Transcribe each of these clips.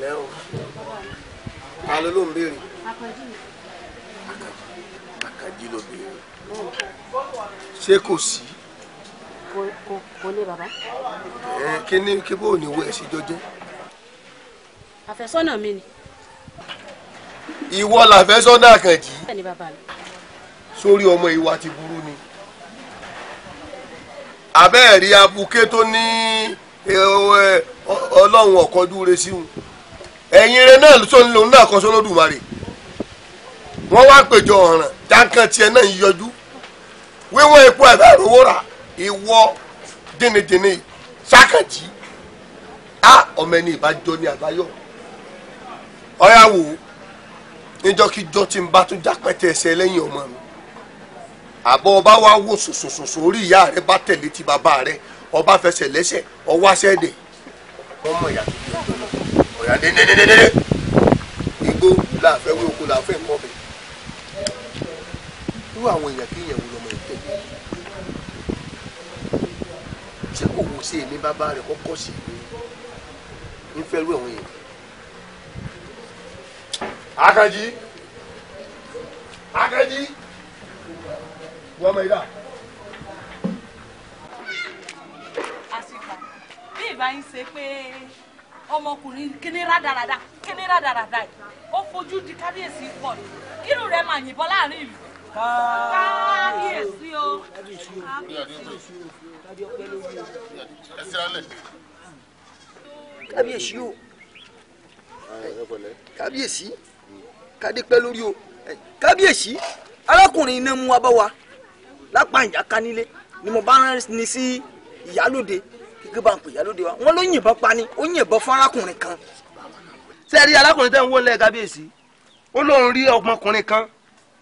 ẹ̀lẹ́ o ta ló ló ń béèrè àkàjì ló béèrè ṣé kò sí. kò lè bàbá. ẹ kí ni kí bó ní wo ẹsẹ jọjẹ. àfẹ́sọ́nà mi ni. ìwọ làfẹ́sọ́nà àkàjì. sórí ọmọ ìwà ti burú ni abẹ́ẹ̀rí abuké tó ní ọlọ́run ọ̀kọ́dúre síhun. ẹ̀yin rẹ náà tó ń lo kan sólódùmarè wọ́n wá péjọ ọ̀ràn dáńkan tiẹ̀ náà yọjú wíwọ́n epo àbẹ̀rówó rà ìwọ dínnídínní sákàtì á ọmọ ẹni ìbájọ ní àbáyọ ọyá níjọ́kíjọ́ tí n bá tún jápẹtẹ ẹsẹ̀ lẹ́yìn ọmọ mi àbọ̀ ọba wa wò sòsòsòsò orí ìyá rẹ bá tẹ̀lé ti bàbá rẹ ọba fẹsẹ̀ lẹ́sẹ̀ ọwọ́ dẹ̀ wọ́n padà dédédédédé igbó la fẹ́ wé oko la fẹ́ kọ́ bẹ̀ irú àwọn èèyàn kí èèyàn wò lọ́mọ ìtẹ̀ ṣé kò wò sí èmi bàbá rẹ̀ kọ́kọ́ sí ń fẹ́ lú àwọn èèyàn. Akaji Akaji wọ́n mọ̀ ìdá. àsìkò bí ìbá yín ṣe pé ọmọkùnrin kíní rádaràda kíní rádaràda yìí ó fojú di kábíyèsí pọ̀ ní kírun rẹ̀ máa yìnbọn láàrin ìlú. kábíyèsí o kábíyèsí o kábíyèsí o kábíyèsí kádépẹ́ lórí o kábíyèsí arákùnrin iná mú wa bá wa lápá ìjà ká nílé ni mo bá rán ni sí ìyálòde gbé bá ń pè yálóde wa wọn ló yìnbọn pa ni ó yìnbọn fún arákùnrin kan. sẹ́ẹ̀rí arákùnrin tẹ́ ń wó ńlẹ̀ kábíyèsí ó lóun rí ọmọkùnrin kan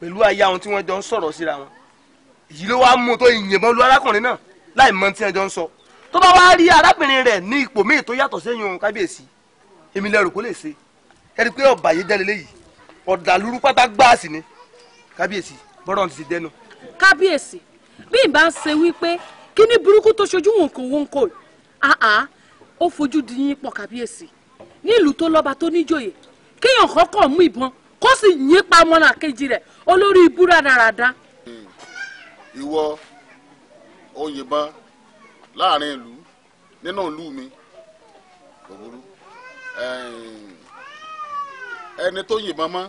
pẹ̀lú aya ohun tí wọ́n jọ ń sọ̀rọ̀ síra wọn èyí ló wá mú tó yìnbọn lu arákùnrin náà láì mọ tí wọ́n jọ ń sọ tó bá wá rí arábìnrin rẹ̀ ní ipò míì tó yàtọ̀ sẹ́yìn ohun kábíyèsí èmi lẹ́rù kó lè ṣe ẹni pé ọ̀bà yìí jẹ́lẹ̀ léyìí ọ̀dàlúrú pátá gbáàsì ni kábíyèsí bọ́rọ̀ ti dẹnu. kábíyèsí bí ìbá ń ṣe wípé kíní burúkú tó ṣojú wọn kò wọn kò yìí àá ó fojú di yín pọ̀ kábíyèsí ní ìlú tó lọ́ba tó níjòyè kéèyàn kọ́kọ́ mú ìbọn kó sì yín pa ọmọnà kejì rẹ̀ olórí ibú rádaràda. Hmm. ìwọ ó yìnbọn láàrin ìlú nínú ìlú mi kò burú ẹni tó yìnbọn mọ́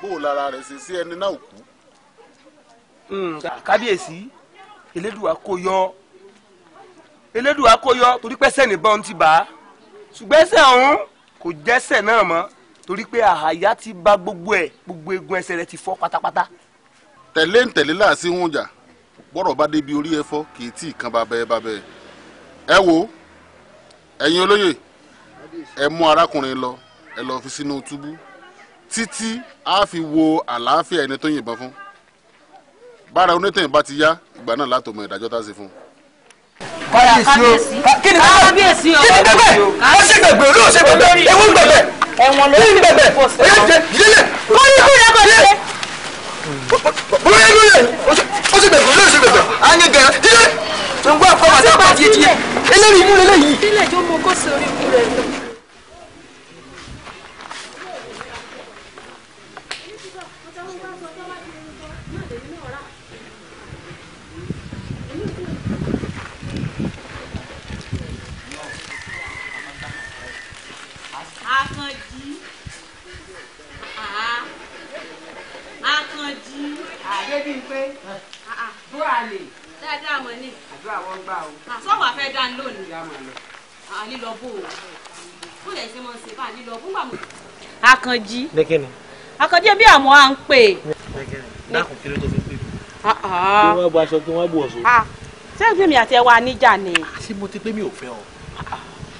bó o lára rẹ̀ ṣe sí ẹni náà kú. Hmm, kábíyèsí elédùà kò yọ elédùá kó yọ torí pẹ́sẹ̀ nìbọn ti bà á ṣùgbọ́n ẹsẹ̀ ọ̀hún kò jẹ́sẹ̀ náà mọ́ torí pé àhàyà ti bá gbogbo ẹ̀ gbogbo egun ẹsẹ̀ rẹ̀ ti fọ́ pátápátá. tẹ̀lé ń tẹ̀lé láàsí ń jà bọ́rọ̀ bá débi orí ẹ kì í tí ì kan bàbá ẹ bàbá ẹ. ẹ wo ẹ̀yin olóyè ẹ mú arákùnrin lọ ẹ lọ fi sínú túbú títí á fi wo àlàáfíà ẹni tó yìnbọn fún bára onítẹ̀yìn bá ti yá ìgbà náà látòmọ̀ ìdájọ́ tá a ṣe fún un kábíyèsí o kí ni kábíyèsí o kí ni bẹbẹ ó ṣe gbẹgbẹ olóò ṣe gbẹgbẹ ewu gbẹgbẹ ewu gbẹgbẹ oyè jẹ jílẹ. kórìí kúrẹ́ bọ̀ ṣe. bóyá inú yẹn ó ṣe gbẹgbẹ olóò ṣe gbẹgbẹ á ní gẹ̀rẹ́ jílẹ̀. ń gbọ́ àkọ́mọ́ àti àpàtì yìí eléyìí inú eléyìí. ilé ìjọba kó sórí ikú rẹ̀ lọ. pé dúrà lè. dáadáa mọ̀ ní. àdúrà wọn gbà o. Ah, sọ́wọ́ afẹ́ dá ní lónìí. Ah, lílọ bó o kó lè ṣe mọ ṣe bá lílọ bó gbà mọ. Àkànjí Àkànjí bí àmọ́ à ń pè. dákun kí ló tó fi pè mí. Ah, kí wọ́n gba aṣọ kí wọ́n bù ọ̀ṣọ́. sẹ́gbẹ̀ẹ́ mi àti ẹ wa níjà ni. àṣé mo ti pé mi ò fẹ́ ọ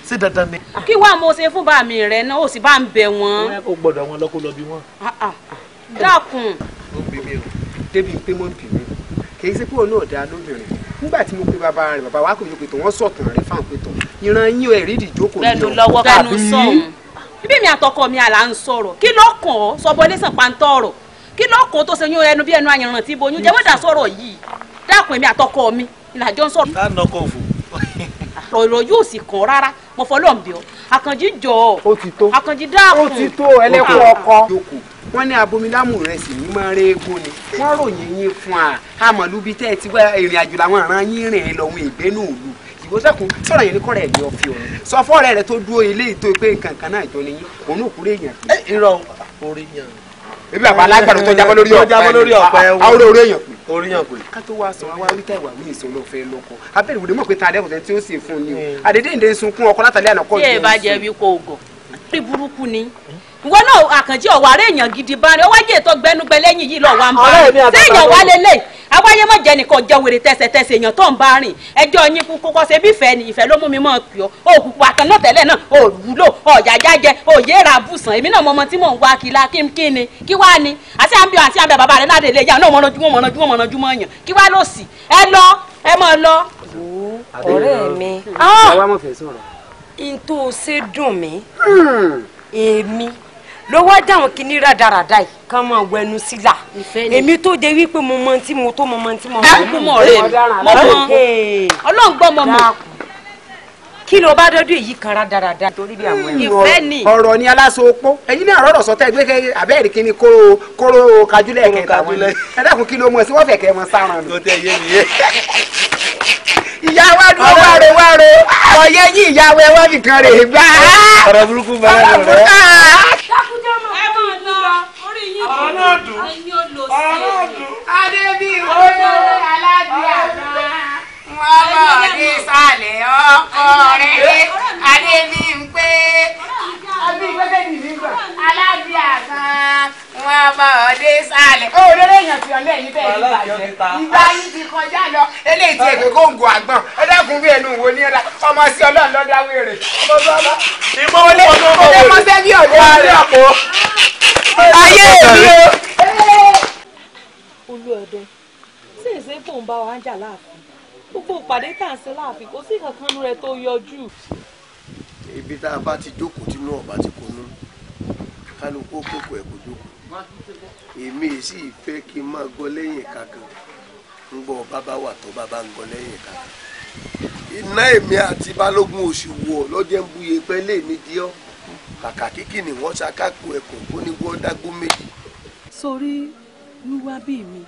ṣé dandan ni. kí wàá mo ṣe fún bàmí rẹ náà ó sì bá ń bẹ wọn. wọn kò gbọ́dọ̀ wọn lọ kó lọ bí wọn. dákun. ó ń mi o débi pé mọ́ bìnrin kì í ṣe pé òun náà dáa lóbìnrin nígbà tí mo pe bàbá rẹ bàbá wa kò ní pé tó wọn sọtàn rẹ fáwọn pé tó ìran yín ẹ rídìí jókòó ní ọ tàbí bíbí mi àtọkọ mi àlà ń sọ̀rọ̀ kí ló kàn ọ sọbọ lẹsàn pàǹtọ ọ̀rọ̀ kí ló ó tó ṣe yún ẹnu bí ẹnu àyànràn tí bo yún jẹ wọ́n dà sọ̀rọ̀ yìí dákun èmi àtọkọ mi ìlàjọ ń sọ̀rọ̀. ká nọkọ òfò. ọ̀rọ̀ yóò sì kàn rárá mo fọlọ́ọ̀bì ọ àkànjí jọ ọ àkànjí dáàbò ẹlẹ́kọ̀ọ́ wọ́n ní abomilámù rẹ̀ sì ní máa rẹ egun ni wọ́n ròyìn yín fún a àmọ̀lúbi tẹ́ ẹ ti wá ìrìn àjò làwọn àrán yín rìn ẹ lọ́wọ́ ìgbénú òlu ìwọ sẹ́kùn sọ̀rọ̀ yẹn ní kọ́ra ẹ̀ ní ọ̀fi ọ̀run sọ fọ́ọ̀rẹ́ rẹ tó dúró ilé ìtò pé nǹkan kan náà jọ ni yín òun ò kúrò èèyàn. ẹ irọ́ orí yàn. ebi àbá alágbàdo tó jábọ́ lórí ọ̀pẹ ẹni àwọn orí èèyàn pè. orí yàn pè. ká tó wá sọ wá wí táìwá mí ìṣòro fẹ́ lọ́kọ abẹ́rẹ́ ìwòde mọ̀ pé ta adẹ́kùnrin tí ó sì fún ni o àdédé ìdè sunkún ọkọ látàlẹ́ àná kọ́ ìdí ìwọ náà àkànjí ọ̀wọ́ àárẹ̀ èèyàn gidi bá rẹ̀ ọwọ́ ajé ètò gbẹnugbẹ lẹ́yìn yìí lọ́wọ́ à ń bá rìn séèyàn wá lélẹ̀ awáyé mọ̀jẹ́ nìkan jẹ́ wèrè tẹ̀sẹ̀tẹ̀sẹ̀ èèyàn tó ń bá rìn ẹjọ́ yín kú kókó ṣe bí ìfẹ́ ni ìfẹ́ ló mú mi mọ̀ pì ọ́ òkùnkùn àkànná tẹ́lẹ̀ náà ò wúlò ọ̀jàjà jẹ òye ra àbùsàn èmi náà mọ ọmọ tí mò ń wá kí la kí n kí ni kí wá ni àti àbí àti àbí bàbá rẹ láde ilé ìyá náà mọ̀nàjúmọ̀ mọ̀nàjúmọ̀ mọ̀nàjúmọ̀ yàn kí wá lọ sí ẹ lọ ẹ mọ̀ lọ. ọ̀rẹ́ mi ah! ntòsí dùn mí hmm. èmi ló wá dáhùn kíní rádaràda yìí kán máa wẹnu sílà èmi tó de wípé mo mọ tí mo tó mo mọ tí mo mọ. dákun mọ rẹ mo mọ Ọlọ́run gbọ́ mọ mọ. kí ló bá dọ́dún èyí kan rádaràda. ìfẹ́ ni ọ̀rọ̀ ni aláṣọ opó ẹ̀yin náà rọ̀rọ̀ sọ́tẹ́ gbé kẹ́ abẹ́rẹ́ kíni kóró kóró kajúlẹ̀ kẹta wọn ni ẹ kí ló mọ̀ sí wọ́n fẹ̀ kẹ́ wọn sáràn ìyá wa dúró wáre wáre ọ̀yẹ́ yìí ìyá wa ẹ̀ wá nìkan rè é gbá. ọ̀rọ̀ burúkú bá a lọ rẹ̀. bọ̀ nísàlẹ̀ ọkọ rẹ̀ adé mi ń pé alábíà kan wọ́n bọ̀ nísàlẹ̀. ó lórí èèyàn fi ọ̀lẹ́ yìí bẹ́ẹ̀ ní ìbàjẹ́ ìgbà yìí ti kọjá lọ eléyìí ti èdè kóńgò àgbọ̀n ọ̀dọ́kùn bí ẹnu wo ní ẹ̀dá ọmọ sí ọlọ́run lọ́dá wèrè. ìmọ̀ olè olè mọ́sẹ́ bí ọ̀dọ́ rẹ̀ ọ̀pọ̀ ayé mi o. olú ọdẹ sí ìsẹ́kùn bá wa ń jà láàfin gbogbo ìpàdé tá à ń ṣe láàfin kò sí kankan nú rẹ tó yọjú. ibi tá a bá ti jókòó tí inú ọba ti kò nú kálukú òkòkò ẹ̀ kò jókòó èmi sì fẹ́ kí n máa gbọ́ lẹ́yìn kankan ń gbọ́ bàbá wà tó bàbá ń gbọ́ lẹ́yìn kankan iná èmi àti balógun oṣù wọ̀ lọ́jọ́ ń buye pẹ́ lè mi di ọ́ kàkà kíkì ni wọ́n ṣakáko ẹ̀kọ́ kó ní wọ́n dágbó méjì. sórí wíwá bíi mi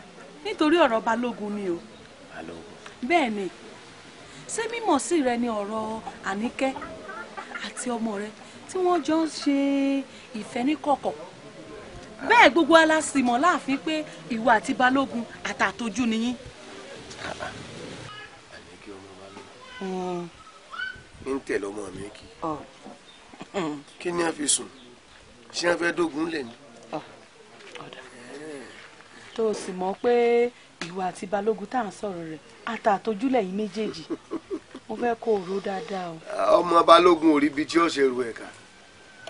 nítorí ọ̀rọ̀ balógun ni o. balógun bẹ́ẹ̀ ni ṣé mímọ̀ sí rẹ ni ọ̀rọ̀ àníkẹ́ àti ọmọ rẹ tí wọ́n jọ ń ṣe ìfẹ́ ní kọ̀kọ̀ bẹ́ẹ̀ gbogbo alásìmọ̀ láàfin pé ìwọ àti balógun àtàtọ́jú nìyí. àníkẹ́ ọmọ hmm. ń tẹ̀lé ọmọ mi kì í oh. kí ni a fi sùn ṣé a fẹ́ dógun lẹ̀ ni. Oh. tó o sì mọ̀ pé ìwà àti balógun tá à ń sọ̀rọ̀ rẹ̀ ata àtojúlẹ̀ yìí méjèèjì mo fẹ́ kó o ro dáadáa o. ọmọ balógun ò rí ibi tí ó ṣe ru ẹ̀ka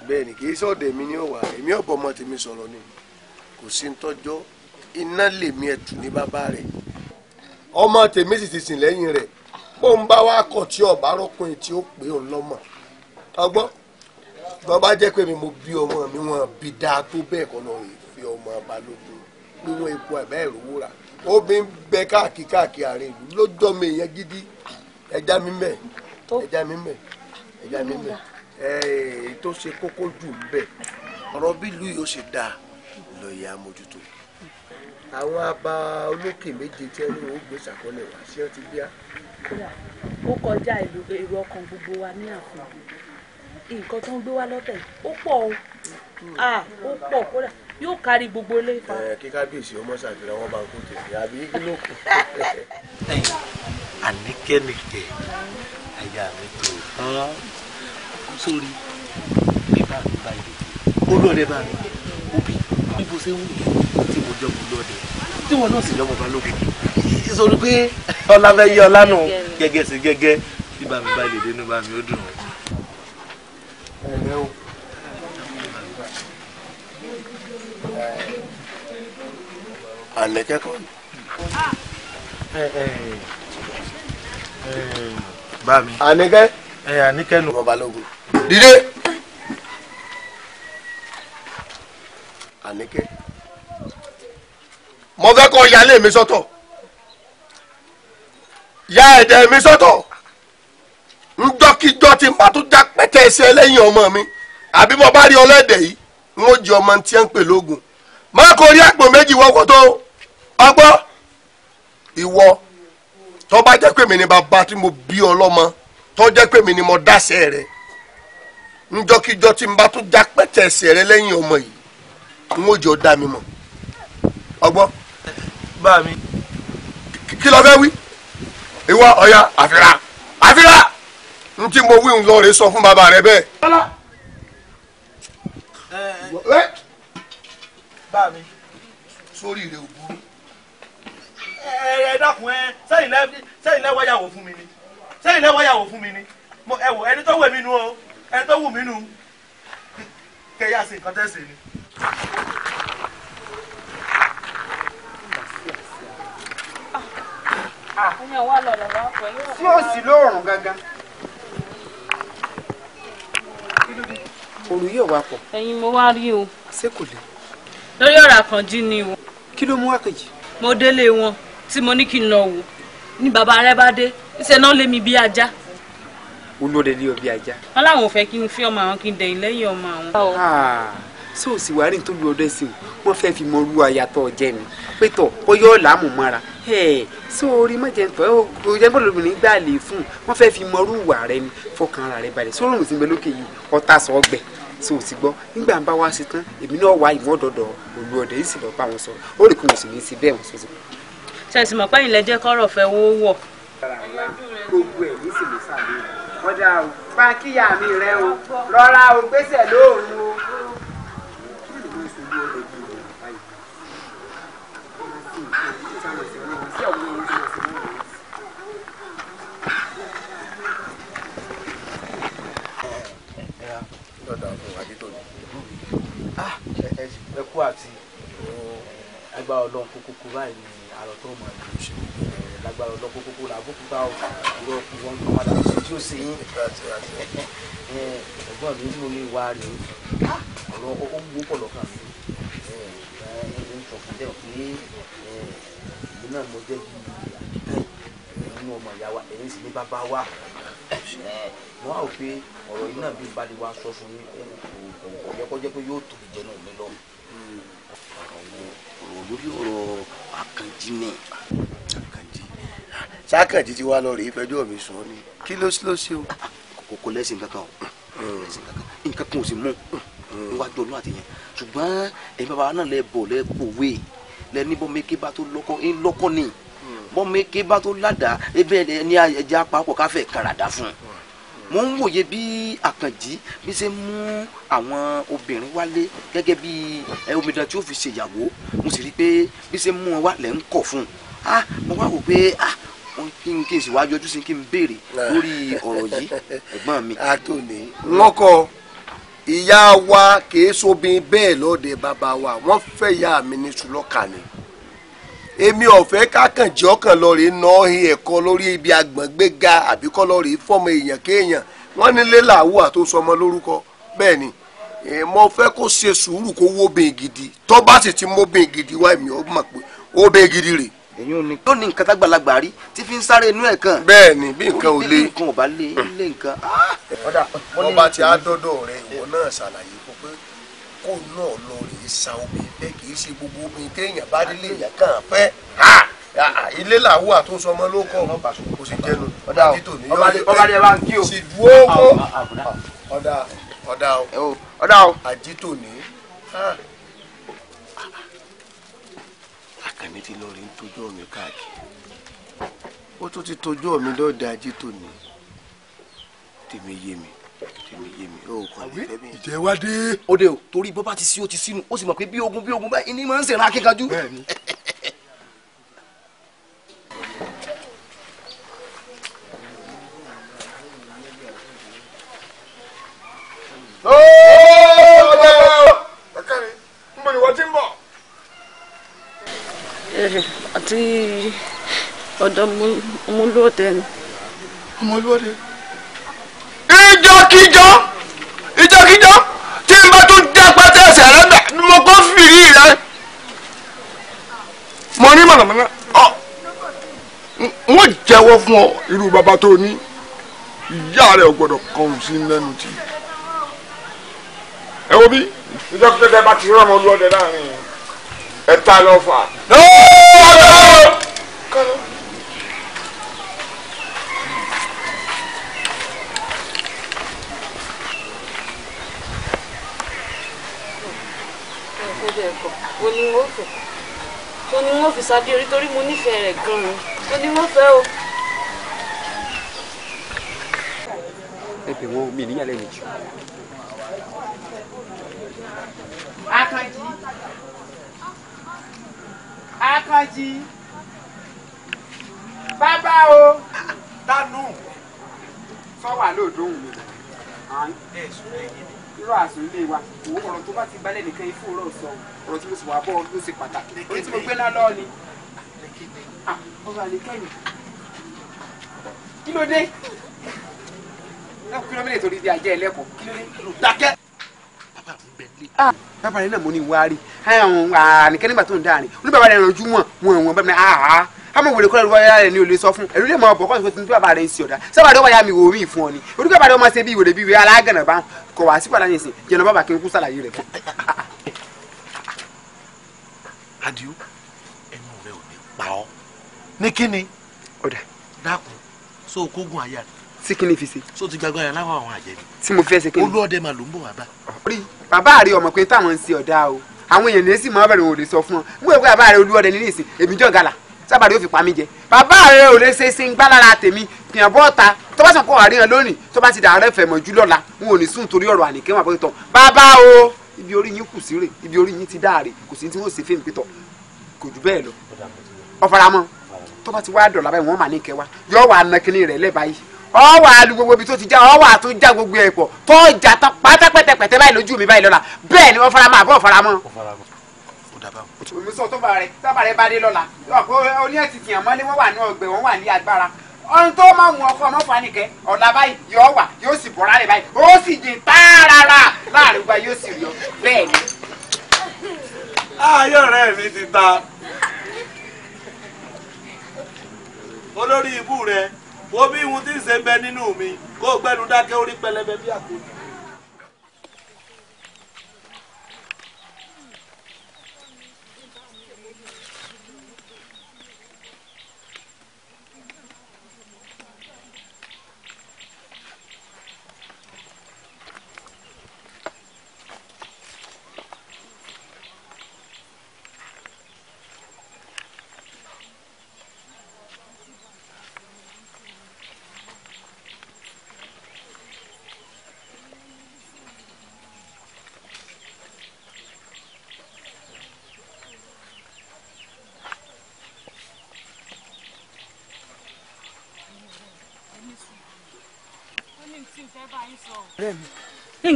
bẹ́ẹ̀ ni kì í sọ̀dọ̀ èmi ní ọ̀wà èmi ọ̀bọ ọmọ tèmi sọ̀rọ̀ ni kò sí ntọ́jọ́ iná lèmi ẹ̀tù ní bàbá rẹ̀ ọmọ tèmi sì ti sìn lẹ́yìn rẹ̀ bó ń bá wa kọ̀ tí ọ̀bá rọ́kùnrin tí ó pè ó lọ́mọ ọgbọ́n bàbá jẹ́ pé mi mo bí ọmọ mi wọn bí dáa tó bẹ́ẹ̀ kọ́ lọ́ọ́ fi ọmọ balógun nínú epo ẹ̀bá ìrówó rà omi ń bẹ káàkiri káàkiri àárín ìlú ló dọ́ mi yẹn gidi ẹja mi mẹ ẹja mi mẹ ẹja mi mẹ èyí tó ṣe kókó jù ń bẹ ọ̀rọ̀ bí ìlú yóò ṣe dáa lọ yẹ amójútó àwọn aba olókè méje tí ẹni wọn gbé sàkọlẹ wá sí ọtí bíá. ó kọjá èrò ọkàn gbogbo wa ní àfọ̀n nǹkan tó ń gbé wá lọ́tẹ̀ ó pọ̀ mm-hmm. ó pọ̀ kódà yóò kárí gbogbo ilé ifá. ẹ kí kábíyèsí ọmọ ṣàfihàn wọn bá ń kó tèmi àbí kí ló kù. àníkẹ́nìkẹ́ àyà mi tó hàn sórí bí bá mi bá yẹ olóòrè bá mi òbí bí mo ṣe ń wù tí mo jọ mo lọ́dẹ tí wọn náà sì lọ́mọ bá lóbi sórí pé ọlá fẹ́ yí ọlá nù gẹ́gẹ́ sí gẹ́gẹ́ bí mi bá lè dénú bá mi ó dùn. ẹ lẹ́wọ̀n. alẹ́ kẹ́kọ̀ọ́ ni. bá mi. àníkẹ́. ẹ àníkẹ́ nù. rọba lógun. dìde. àníkẹ́. mo fẹ́ kọ́ yálé mi sọ́tọ̀ ya ẹ̀dẹ̀ mi sọ́tọ̀ njọ́kíjọ́ tí n bá tún já pẹ́tẹ́ ẹsẹ̀ lẹ́yìn ọmọ mi àbí mo bá rí ọlọ́dẹ̀ yìí n ó jẹ ọmọ tí ń pè lógun má kó rí àpò méjì wọ́kọ́ tó ọgbọ́ ìwọ tó bá jẹ́ pé mi ni bàbá tí mo bí ọlọ́mọ tó jẹ́ pé mi ni mo dáṣẹ́ rẹ̀ njọ́kíjọ́ tí n bá tún já pẹ́tẹ́ ẹsẹ̀ rẹ lẹ́yìn ọmọ yìí n ó jọ dá mi mọ̀ ọgbọ́. bá kí ló fẹ́ wí ìwọ ọ̀ya àfira àfira n tí mo wí ń lọ rè sọ fún bàbá rẹ bẹ́ẹ̀. bá mi. sórí rẹ ò burú ẹ dákun ẹ sẹ́yìn lẹ́ sẹ́yìn lẹ́ wáyàwó fún mi ni sẹ́yìn lẹ́ wáyàwó fún mi ni mo ẹ wò ẹni tó wẹ̀ mí nu o ẹni tó wù mí nu kẹyà sí nǹkan tẹ̀sí ni. tí ó sì lóòrùn gangan òrùn yóò wá pọ̀. ẹ̀yin mo wá rí o. ṣé kò le. lórí ọ̀rọ̀ àkànjí ni o. kí ló mú wákejì. mo délé wọn tí mo ní kí n lọ wò ní bàbá rẹ bá dé ṣe náà lé mi bí ajá. olóde lé o bí ajá. wọn láwọn ò fẹ́ kí n fi ọmọ àwọn kí n dẹ̀yìn lẹ́yìn ọmọ àwọn. Ah, ṣé o sì wá rí nítorí ọdẹ sí o wọn fẹ́ fi mọ olú ayatọ̀ jẹ mi pé tọ̀ ó yọ ọ́ làámù mọ́ra ṣé orí mọ̀jẹ̀ ń tọ́ ọjọ́ bọ́ọ̀lù obìnrin gbà lè fún un wọ́n fẹ́ fi mọ orú ìwà rẹ ni fọkàn ara rẹ balẹ̀ sórùn sí mi lókè yìí ọ̀tá sọ ọgbẹ́ tí o ti gbọ́ nígbà ń bá wá sí tán èmi náà wá ìmọ̀ ọ̀dọ̀dọ̀ olú ọdẹ yìí sì lọ́ọ́ bá wọn sọ̀rọ̀ ó rí kí wọn sì ní í sí bẹ́ẹ̀ wọn sọ̀rọ̀ ṣẹ̀sì mọ̀ pẹ́yìn lẹ́jẹ́ kọ́rọ̀ fẹ́ wó wọ̀. gbogbo ẹ̀ ní sèlè sàlẹ̀ ọjà ò pa kíyà mi rẹ o rọra o gbèsè lóòrùn o. Ah, ẹ kú àti agbára ọlọ́run kúkúrú báyìí tó mọ̀ ẹ̀dùn ṣe eh, lágbára ọlọ́pọ̀ kókó la bó kúta ọ̀ ìrọ̀ kú wọn tó padà tí ó ṣe yín eh, ẹ̀gbọ́n mi ní mo lè wá rè é ah! ọ̀rọ̀ ó wú pọ̀ lọ́kàn mi eh, ń sọ fún dẹ́ pé èmi náà mo jẹ́ bí nínú ọmọ ìyá wa èmi sì ní bàbá wa mo wá rò pé ọ̀rọ̀ yìí náà bí ìbá ni sọ fún yín kò pé yóò tóbi jẹ́ mi lọ. Hmm àkànjí ni àkànjí sákànjí ti wá lọ rèé fẹjọ́ mi sùn ni kí ló ló ṣe o kòkó lẹ́sìn kankan o lẹ́sìn kankan nǹkan kan ò sì mú níwájú olú àti yẹn ṣùgbọ́n ẹ̀yin bàbá náà lẹ bọ̀ lẹ pòwe lẹ ní bọ́mẹ́kẹ́ bá tó lọ́kọ́ ń lọ́kọ́ ni hmm. bọ́mẹ́kẹ́ bá tó ládàá ebe ni ẹja pàápọ̀ káfẹ́ kàràdà fún un mo ń wòye bí àkànjí bí ṣe mú àwọn obìnrin wálé gẹ́gẹ́ bí omidan tí ó fi ṣèyàwó mo sì rí i pé bí ṣe mú wọn wá lẹ́ ń kọ̀ fún un ah mo wá wò pé ah kí n kí n sì wá yọjú sí kí n béèrè lórí ọ̀rọ̀ yìí ẹ̀gbọ́n mi. àtòlè lọ́kọ ìyá wa kì í sobin bẹ́ẹ̀ lọ́dẹ bàbá wa wọ́n fẹ́ ìyá mi ní sùlọ́kà ni. èmi ọ̀fẹ́ kákànjì ọkàn lọ rèé ná ẹ̀kọ́ lórí ibi àgbọ̀ngbẹ́ga àbí kọ́ lọ fọmọ èèyàn kéèyàn wọ́n nílé sọmọ lórúkọ bẹ́ẹ̀ ni mo fẹ́ kó ṣe sùúrù kó wó bẹ́ẹ̀ gidi bá sì ti bẹ́ẹ̀ gidi wá èmi rí tí sáré inú ẹ̀ kan. ni bí nǹkan ò lé. nǹkan ò bá lé nǹkan. Hmm. Ah! ìsà obìnrin fẹ́ kì í ṣe gbogbo obìnrin téèyàn bá délé èèyàn kàn fẹ́ ilé làwọ àtúnṣe ọmọ ló kọ kò sì jẹnu títò ní yọ sì dúró ó ah, ah, ah, ọ̀dà ọ̀dà o ọ̀dà o àjítò ní. àkànní ti lọ rí tójú ọ̀mí káàkiri ó tún ti tójú ọ̀mí lọ́ọ́ da àjítò tèmi yé mi ìjẹ́ wá dé. ó dé o torí bó bá ti sí o ti sínú ó sì mọ̀ pé bí ogun bí ogun báyìí ni máa ń sèrán akíkanjú. bẹ́ẹ̀ni. àti ọ̀dọ́ ni. ọmọlúwọ̀dẹ. ọ̀nà mọ́nà ọ wọ́n jẹ́wọ́ fún ọ irú bàbá tó ní ìyá rẹ̀ ò gbọ́dọ̀ kọ̀ọ̀ sí lẹ́nu tí. ẹ wo bí ìjọ kẹtẹ bá ti rán ọmọlúwọ dẹ láàrin ẹ ta lọ fà. Thank you mo ní wọ́n fi sáde orí torí mo nífẹ̀ẹ́ rẹ̀ gan-an mo ní wọ́n fẹ́ o. ẹ mi níyàlẹ́ mi jù. Akanji Akanji bàbá o. dánú sọ wà lóòdùn mi à ń tẹ̀sùn lẹ́yìn mi rọ àsùnlé wa òwò ọ̀rọ̀ tó bá ti balẹ̀ nìkan ifú rọ̀ sọ ọ̀rọ̀ tí mo sì wà bọ́ ló ṣe pàtàkì orí tí mo gbé ná lọ́ọ̀ ni ọ̀rọ̀ àlékẹ́yìn kí ló dé kí ló mílẹ̀ torí di ajẹ́ ẹlẹ́kọ̀ọ́ kí ló dé dákẹ́ bàbá rẹ náà mo ní wárí àníkẹ́ nígbà tó ń dáa ni oníbàbá rẹ rànjú wọn wọn wọn bẹ́ẹ̀ ni àhá kámọ̀ wèrè kọ́lẹ̀ lọ́wọ́ ní olè sọ fún ẹ̀rú lè mọ ọ̀bọ̀ kọ́sìkò tí bàbá rẹ̀ ń sí ọ̀dà sábà wáyà mi wò mí fún ọ ni orúkọ bàbá rẹ̀ ọmọ ṣe bí ìwèrè bí ìwé alágànà bá kò wá sí padà nìsín jẹ̀nà bàbà kí n kú sàlàyé rẹ̀ fún. Adio ẹnu rẹ ò ní pa ọ ní kíni. ọ̀dà dákun so okógun àyà rẹ. sí kíni fi ṣe. so ti gbàgbọ́ yàrá àwọn àjẹbí. tí mo fẹ́ ṣe kíni. olúọdẹ máa ló ń bọ̀ wá bá. rí bàbá rẹ ọmọ pé táwọn ń ṣe ọ̀dà o àwọn èèyàn ní sì máa bẹ̀rẹ̀ òde sọ fún ọ mú ẹ̀kọ́ bàbá rẹ olúọdẹ nílé ìsìn èmi jọ̀ọ́ gàlà sábàrí yóò fi pa mí jẹ bàbá rẹ ò lè ṣe ṣe ń gbá lára tèmi kìyàn bọ́ ọ̀ta tó bá sàn kó àríyàn lónìí tó bá ti dà rẹ fẹ̀mọ̀ jù lọ́la n ò ní sùn torí ọ̀rọ̀ àníkẹ́ wọn àbọ̀tọ̀ bàbá o ibi orí yín kù sí rè ibi orí yín ti dáa rè kò sí tí wọ́n ṣe fèmí pé tọ̀ kò jù bẹ́ẹ̀ lọ ọ̀faramọ́ tó bá ti wá dọ̀la báyìí wọ́n mà ní kẹwa yọ wà na kinní rẹ̀ lẹ́bàáyì ọ wà á lu gbogbo ibi tó ti já ọ wà á tún já gbogbo ẹ̀ pọ̀ tó jà tán pátápẹ́tẹ́pẹ́tẹ́ báyìí lójú mi báyìí lọ́la bẹ́ẹ̀ ni ọ̀faramọ́ àbọ̀ ọ̀faramọ́ èmi sọ tó bá rẹ sábà rẹ bá dé lọ́la oní ẹ̀sìtì yàn mọ́lé wọ́n wà ní ọgbẹ́ wọ́n wà ní agbára ọ̀run tó máa wù ọkọ ọmọ fanike ọ̀la báyìí yóò wà yóò sì bọ́ra rẹ̀ báyìí ó sì jìn tààràrà láàrin gba yóò sì yọ bẹ́ẹ̀ ni. Ah, ayọ̀ rẹ̀ mi ti ta olórí ibú rẹ̀ wo bí ihun tí ń ṣe bẹ nínú mi kó o gbẹnu dákẹ́ orí pẹlẹbẹ bí àkójọ.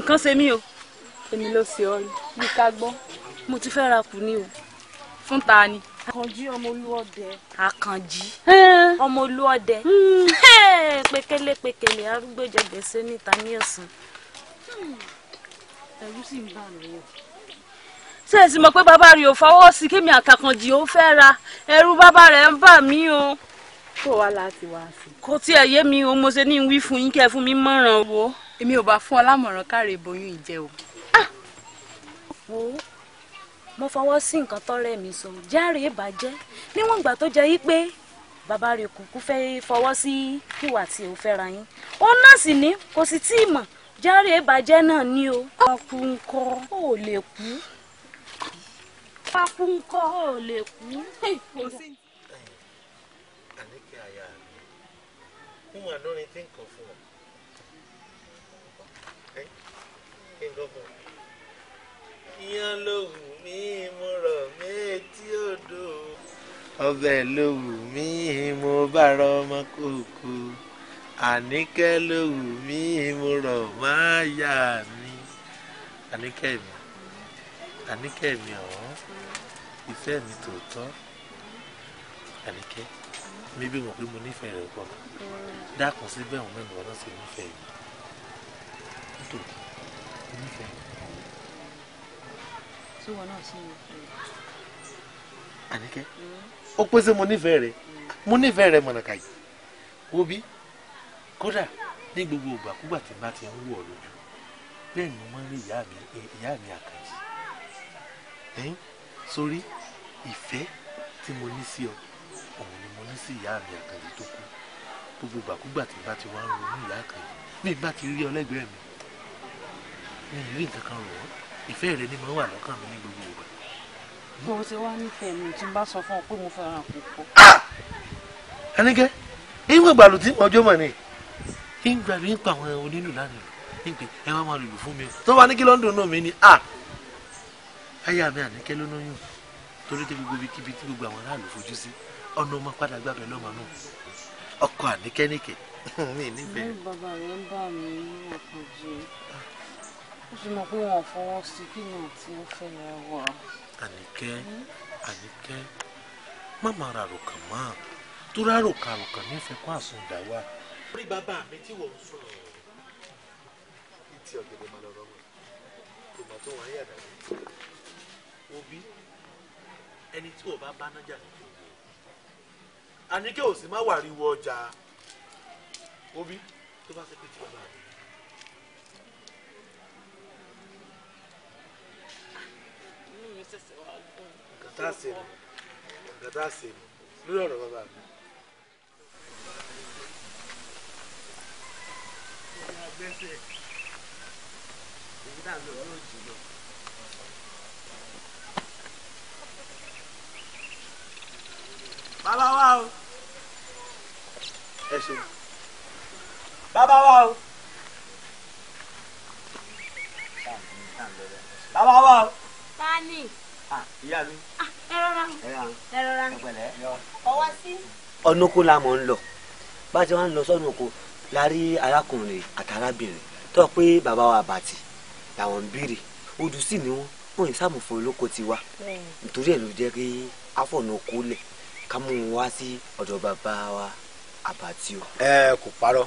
nǹkan ṣe mí o èmi ló ṣe ọ rí mi ká gbọ́ mo ti fẹ́ ra kù ni o fún ta ni. àkànjí ọmọ olúọdẹ. àkànjí ọmọ olúọdẹ pékélé hmm. pékélé arúgbó jẹgbẹsẹ níta ní ọ̀sán. Hmm. ẹ̀rù sì ń bà mí o ṣé ẹ sì mọ̀ pé bàbá rẹ̀ ò fọwọ́ sí kémi àkàkànjì ó fẹ́ ra ẹrú bàbá rẹ̀ ń bà mí o. kò wá láti wá sí. kò tiẹ̀ yé mi o mo ṣe ní wí fún yín kẹ́ ẹ fún mi mọ̀ràn wo èmi ò bá fún ọ lámọ̀ràn káre boyún ìjẹ o. Ah! wo mo fọwọ́ sí nǹkan tọ́rẹ́ mi sọ járe ìbàjẹ́ níwọ̀n ìgbà tó jẹ́ yí pé bàbá rẹ̀ kúkú fẹ́ fọwọ́ sí ìwà tí ò fẹ́ra yín òun náà sì ní kò sì tí ì mọ̀ járe ìbàjẹ́ náà ni o. wọn kú ń ò lè kú. wọn kú ń ò lè kú. àníkè àyà mi ń wà tí ń kọ fún ọ. Iyán ló wù mí mo rọ̀ mí etí odò. Ọbẹ̀ ló wù mí mo bá rọ ọmọ kòkó. Àníkẹ́ ló wù mí mo rọ̀ máa yà mí. Àníkẹ́ mi, Àníkẹ́ mi ọ̀hún, ìfẹ́ mi tòótọ́. Àníkẹ́, mi bí mo pé mo nífẹ̀ẹ́ rẹ̀ pọ̀. Dákun síbẹ̀ òun mẹ́nu ọ̀nà sí nífẹ̀ẹ́ mi. Nítorí nífẹ̀ẹ́ tí wọn náà sì nífẹ̀ẹ́. àníkẹ́ ó pé ṣé mo nífẹ̀ẹ́ rẹ mo nífẹ̀ẹ́ rẹ mọ̀nàkà yìí wo bí kódà ní gbogbo ìgbàkúgbà tí bá ti ń wù ọ lójú bẹ́ẹ̀ ni mo máa ń rí ìyá mi ìyá mi àkàjì ẹ̀yìn sórí ìfẹ́ tí mo ní sí ọ òun ni mo ní sí ìyá mi àkàjì tó kú gbogbo ìgbàkúgbà tí bá ti wá ń ronú ìyá àkàjì bí bá ti rí ọ lẹ́gbẹ̀ẹ́ mi mi ì rí nǹkan kan rò ó ìfẹ́ rẹ ni mo wà lọ́kàn mi ní gbogbo ìgbà. bó o ṣe wá nífẹ̀ẹ́ mi tí n bá sọ fún ọ pé mo fẹ́ràn púpọ̀. Àníkẹ́ ìwọ̀n ìgbàlù tí ọjọ́ mọ̀ ni ìgbàlù ń pa àwọn onílù lánàá nígbè ẹ wá máa lùlù fún mi tó bá ní kí London náà mi ni a ayé àmì Àníkẹ́ ló lóyún torí tẹ gbogbo ibikíbi tí gbogbo àwọn aráàlú fojú sí ọ̀nà ọmọ padà gbàgbẹ́ lọ́mọ náà ọkọ Àníkẹ́ níkẹ́ mi nífẹ̀ẹ́. bàbá rẹ̀ ń bà mí ọkàn jẹ́ ó sì mọ̀ pé wọn ò fọwọ́ sí kí ni àti ó fẹ́ yẹ wọ̀rọ̀. àníkẹ́ àníkẹ́ má máa ra àròkàn mọ́ tó rá àròkàn àròkàn nífẹ̀ẹ́ kó àsundà wá. orí bàbá mi tí wọ́n ń sọ̀rọ̀ ìtì ọ̀gẹ̀dẹ̀ máa lọ rọ́mọ̀ ìmọ̀ tó wọ́n yàrá rẹ̀ òbí ẹni tí ò bá bá nájà nìkan àníkẹ́ ò sì má wàá ríwọ ọjà òbí tó bá fẹ́ pé bàbá mi. gàtà ṣe mi gàtà ṣe mi lórí ọ̀rọ̀ bàbá wa o. ẹ ṣeun. bàbá wa o. bàbá wa o tani. Ah, ìyá mi. Ah, ẹ rọra ẹ rọra ọwọ́ sí. ọ̀nà oko la mọ̀ ń lọ bá a ti wá ń lọ sọ́nà oko la rí arákùnrin àtàrábìnrin tó pé bàbá wa bàtì làwọn ń bèrè odù sì ni wọn wọn yìí sàmùfò olóko ti wa nítorí ẹ ló jẹ́ kí afọ̀nà oko lẹ̀ ká mú un wá sí ọ̀dọ̀ bàbá wa àbàtì o. ẹ kò parọ́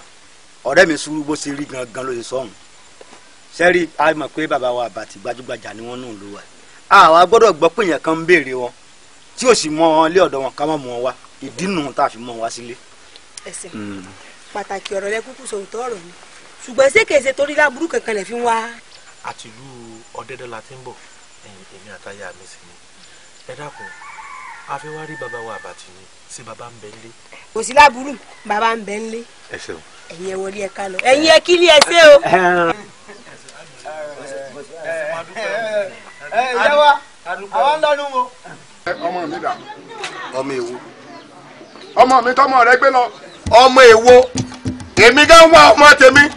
ọ̀rẹ́ mi sùúrù bó ṣe rí gangan ló ṣe sọ́hùn sẹ́rí a mọ̀ pé bàbá wa àbàtì gbajúgbajà ni wọ́n nù ló wà àwa gbọ́dọ̀ gbọ́ pé èèyàn kan ń béèrè wọn tí ò sì mọ wọn lé ọ̀dọ̀ wọn ká má mọ wọn wá ìdí nù tá a fi mọ wọn sílé. ẹsẹ̀ pàtàkì ọ̀rọ̀ lẹ kúkú sọ òótọ́ ọ̀rọ̀ ni ṣùgbọ́n ṣé kèsè torí láburú kankan lẹ fi ń wá. àtìlú ọ̀dẹ́dẹ́ la ti ń bọ̀ èmi àtàyà mi sì ni ẹ dákun a fẹ́ wá rí baba wa àbàtì ni ṣé baba ń bẹ ń lé. kò sí láburú baba ń bẹ ń lé. ẹ ṣeun. ẹ̀yin ẹ wọlé ẹ ká lọ ẹ̀yin ẹ kí ni ẹ ṣe o. Eh, ọmọ mi ọmọ ọmọ mi tọmọ rẹ gbé lọ. ọmọ èwo èmi gan wá ọmọ tèmi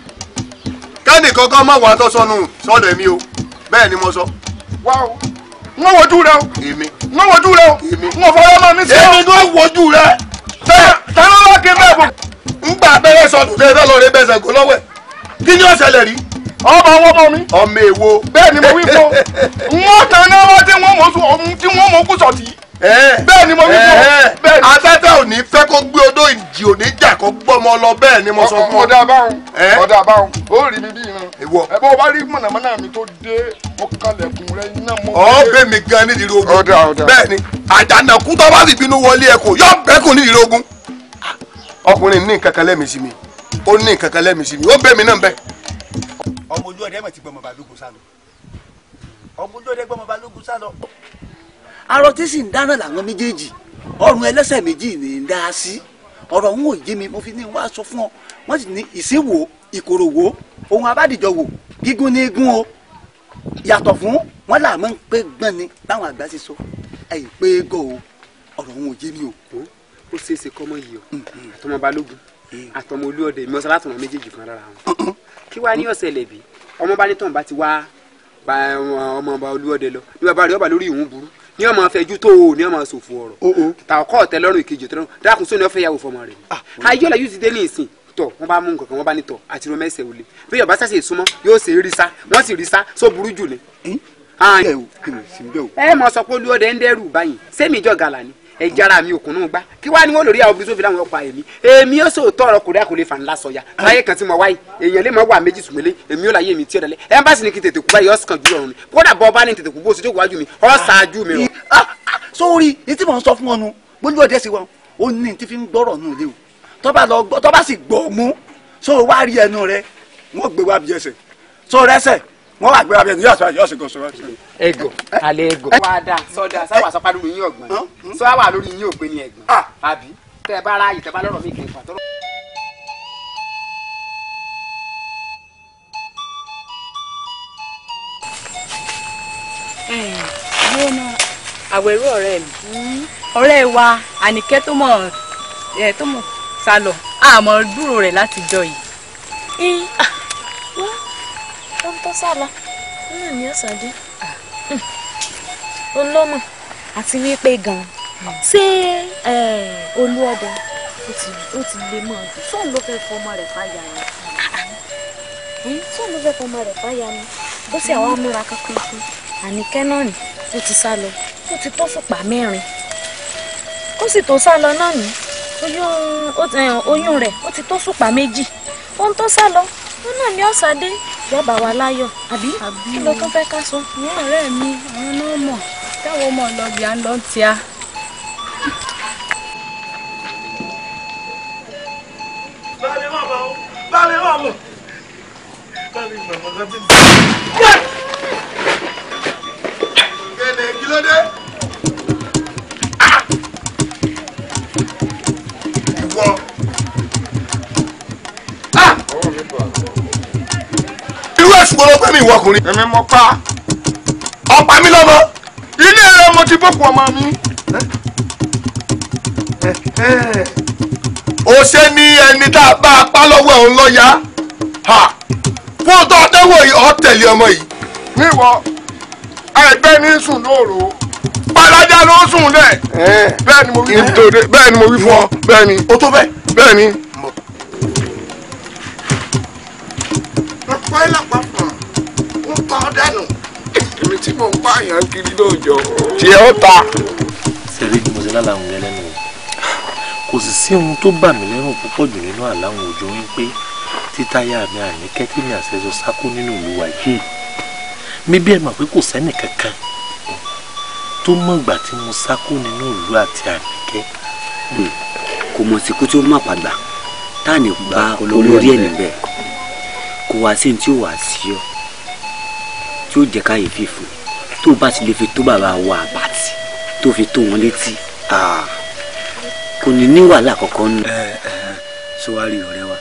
kọkọ ma má wà tó sọnù sọ́dọ̀ mi o bẹ́ẹ̀ ni mo sọ. wá o wọ́n wojú rẹ o. èmi. wọ́n wojú rẹ o. èmi. wọ́n fọwọ́ máa mi sí o. èmi wojú rẹ. bẹ́ẹ̀ gbà abẹ́rẹ́ sọdún bẹ́sẹ̀ lọ́wọ́ ẹ̀ kí ni ó ọba àwọn ọmọ mi. ọmọ èwo. bẹ́ẹ̀ ni mo wí fún wọ́n tan náà wá tí wọ́n mọ̀ tí wọ́n mọ̀ kú sọ̀tì. bẹ́ẹ̀ ni mo wí fún ni. afẹ́fẹ́ ò ní fẹ́ kó gbé odó ìjì mo sọ fún ọ. ọ̀dà báwọn ọ̀dà báwọn ó rí mi bí rẹ iná mọ́. ọ bẹ mi gan nídìí ni àjànàkú tó ogun. ọkùnrin ọgbójú ọdẹ mọ̀ ti gbọmọ balógun sálọ ọgbójú ọdẹ gbọmọ balógun sálọ. arọ tí sì ń dáná làwọn méjèèjì ọrùn ẹlẹ́sẹ̀ méjì ní í dá sí ọ̀rọ̀ ń wò yé mi mo fi ní wá sọ fún ọ wọ́n sì ní ìsínwó ìkòròwó ohun abádìjọ wò gígùn ní igun o yàtọ̀ fún wọn làmú pé gbọ́n ni báwọn àgbà ti sọ ẹ̀yìn pé gọ̀ o ọ̀rọ̀ ń wò yé mi o. ó ṣeé ṣe kọ́mọ yìí o àtọmọ balógun àtọmọ olúọdẹ ìmọ̀sára àtọmọ méjèèjì fún ara wọn kí wàá ní ọ̀sẹ̀ lẹ̀bi ọmọ bá ní tọ̀hún bá ti wá ọmọ ọba olúwọ́dẹ lọ ní bàbá rẹ̀ ọba lórí ìhun burú ní ọmọ afẹjú tó o ní ọmọ sòfò ọ̀rọ̀ tà ọkọ ọtẹ lọ́rùn ìkejì tọrọ dákun sóni ọfẹ yàwó fọmọ rẹ̀ ayọlẹ yóò ti dé ní ìsìn tọ wọn bá mú nǹkan kan wọn bá ní tọ àti rọ mẹsẹ wọlé bí yorùbá sàṣẹ ìsúnmọ́ yóò ṣe rí sá wọn sì rí sá só burú jù ni. ẹ mọ sọ pé olúwọ́dẹ ń dẹrù báyìí sẹ́mi ìjọ gàlà ni ẹjára mi òkùnú gbá kí wàá ní wọn lórí àwọn obìnrin tó fi láwọn ọkọ àyèmí èmi ó sòótọ́ ọ̀rọ̀ kòrí àkòlè fà ńlá sọ̀yà láyé kan tí mo wáyé èèyàn lè má wà méjì sùmẹ́lẹ̀ èmi ó láyé mi tí ó dẹ̀lẹ́ ẹ̀ bá sì ní kí tètè kú báyìí ọ̀sán kan jùlọ ọ̀run ni kódà bọ́ bá ní tètè kú bó ṣe jókòó wájú mi ọ̀ṣáájú mi rọ. sórí etí mò ń sọ fún ọnu gbójú ọdẹ sí wọn ó ní ti fi ń gbọ́rọ̀ nù lé o tọ́ bá sì wọn wà gbéra bẹ́ẹ̀ ní yọọsọ yọọsọ gọsọ rẹ. ego alẹ ego. wà á dà sọdà sáwà sọ pariwo yín ọgbọ́n sáwà lórí yín ògbé ni ẹ̀gbọ́n ah! àbí tẹ bá ráàyè tẹ bá lọ́rọ̀ mi kì í pàtó. àwẹ̀rú ọ̀rẹ́ mi hmm? ọ̀rẹ́ wa àníkẹ́ tó mọ̀ tó mọ̀ sálọ àmọ́ dúró rẹ̀ láti jọ yìí. Ah! sá lọ náà ni ọ̀sán dé olómọ àti wípé gan-an ṣé olú ọdẹ ó ti lè mọ sóun ló fẹ́ fọmọ rẹ̀ fáyà ni sóun hmm? ló fẹ́ fọmọ rẹ̀ fáyà ni bó ṣe àwọn amúra kankan fún àníkẹ́ náà ni ó ti sá lọ ó ti tó fòpá mẹ́rin ó sì tó sá lọ náà ni oyún rẹ̀ ó ti tó fòpá méjì ohun tó sá lọ ó náà ní ọ̀sàdé yọba wa láyọ̀ àbí kí ló tún fẹ́ ká sọ. ní ọ̀rẹ́ mi àwọn náà mọ̀ táwọn ọmọ ọlọ́bì à ń lọ ti a. balẹ̀ mọ̀ bá wọn balẹ̀ mọ̀ mọ̀ balẹ̀ mọ̀ mọ̀ lọ́dún. mi ìwọ ọkùnrin. èmi mo pa. ọ̀pá mi lọ́mọ. ilé rẹ mo ti bókun ọmọ mi. o ṣe ni ẹni tá a bá a pa lọ́wọ́ ẹ̀ ń lọ ya. fún ọtọ́ ọdẹ́wò yìí ọ tẹ̀lé ọmọ yìí. níwọ ẹgbẹ́ ní sùn lóru pàlájà ló sùn dẹ̀. bẹ́ẹ̀ ni mo wí fún ọ bẹ́ẹ̀ ni o tó bẹ́ẹ̀ bẹ́ẹ̀ ni. ọ́ dànù èmi tí mò ń pààyàn kiri lóòjọ́. tiẹ̀ ó ta. sẹ́rí bí mo ṣe lálàá òun lẹ́lẹ́nu kò sì sí ohun tó bà mí lẹ́rù púpọ̀ jù nínú àláwọn òjò yín pé títáyà mi àní kẹ́tí mi àṣẹjọ sákó nínú ìlúwa yìí mi bí ẹ mọ̀ pé kò sẹ́nì kankan tó mọ̀ ìgbà tí mo sákó nínú ìlú àti àníkẹ́. Hmm. kò mọ̀ sí kó tó má pàgbà tá à ní bá olórí ẹ̀ níbẹ̀ kò wá sí ní tí ò wá sí ọ tí ó jẹ́ káyéfì fún tó bá ti lè fi tó bàbá wa àbàtì tó fi tó wọn létí kò ní ní wàhálà kankan nù. ẹ ẹ sọwárì ọ̀rẹ́ wa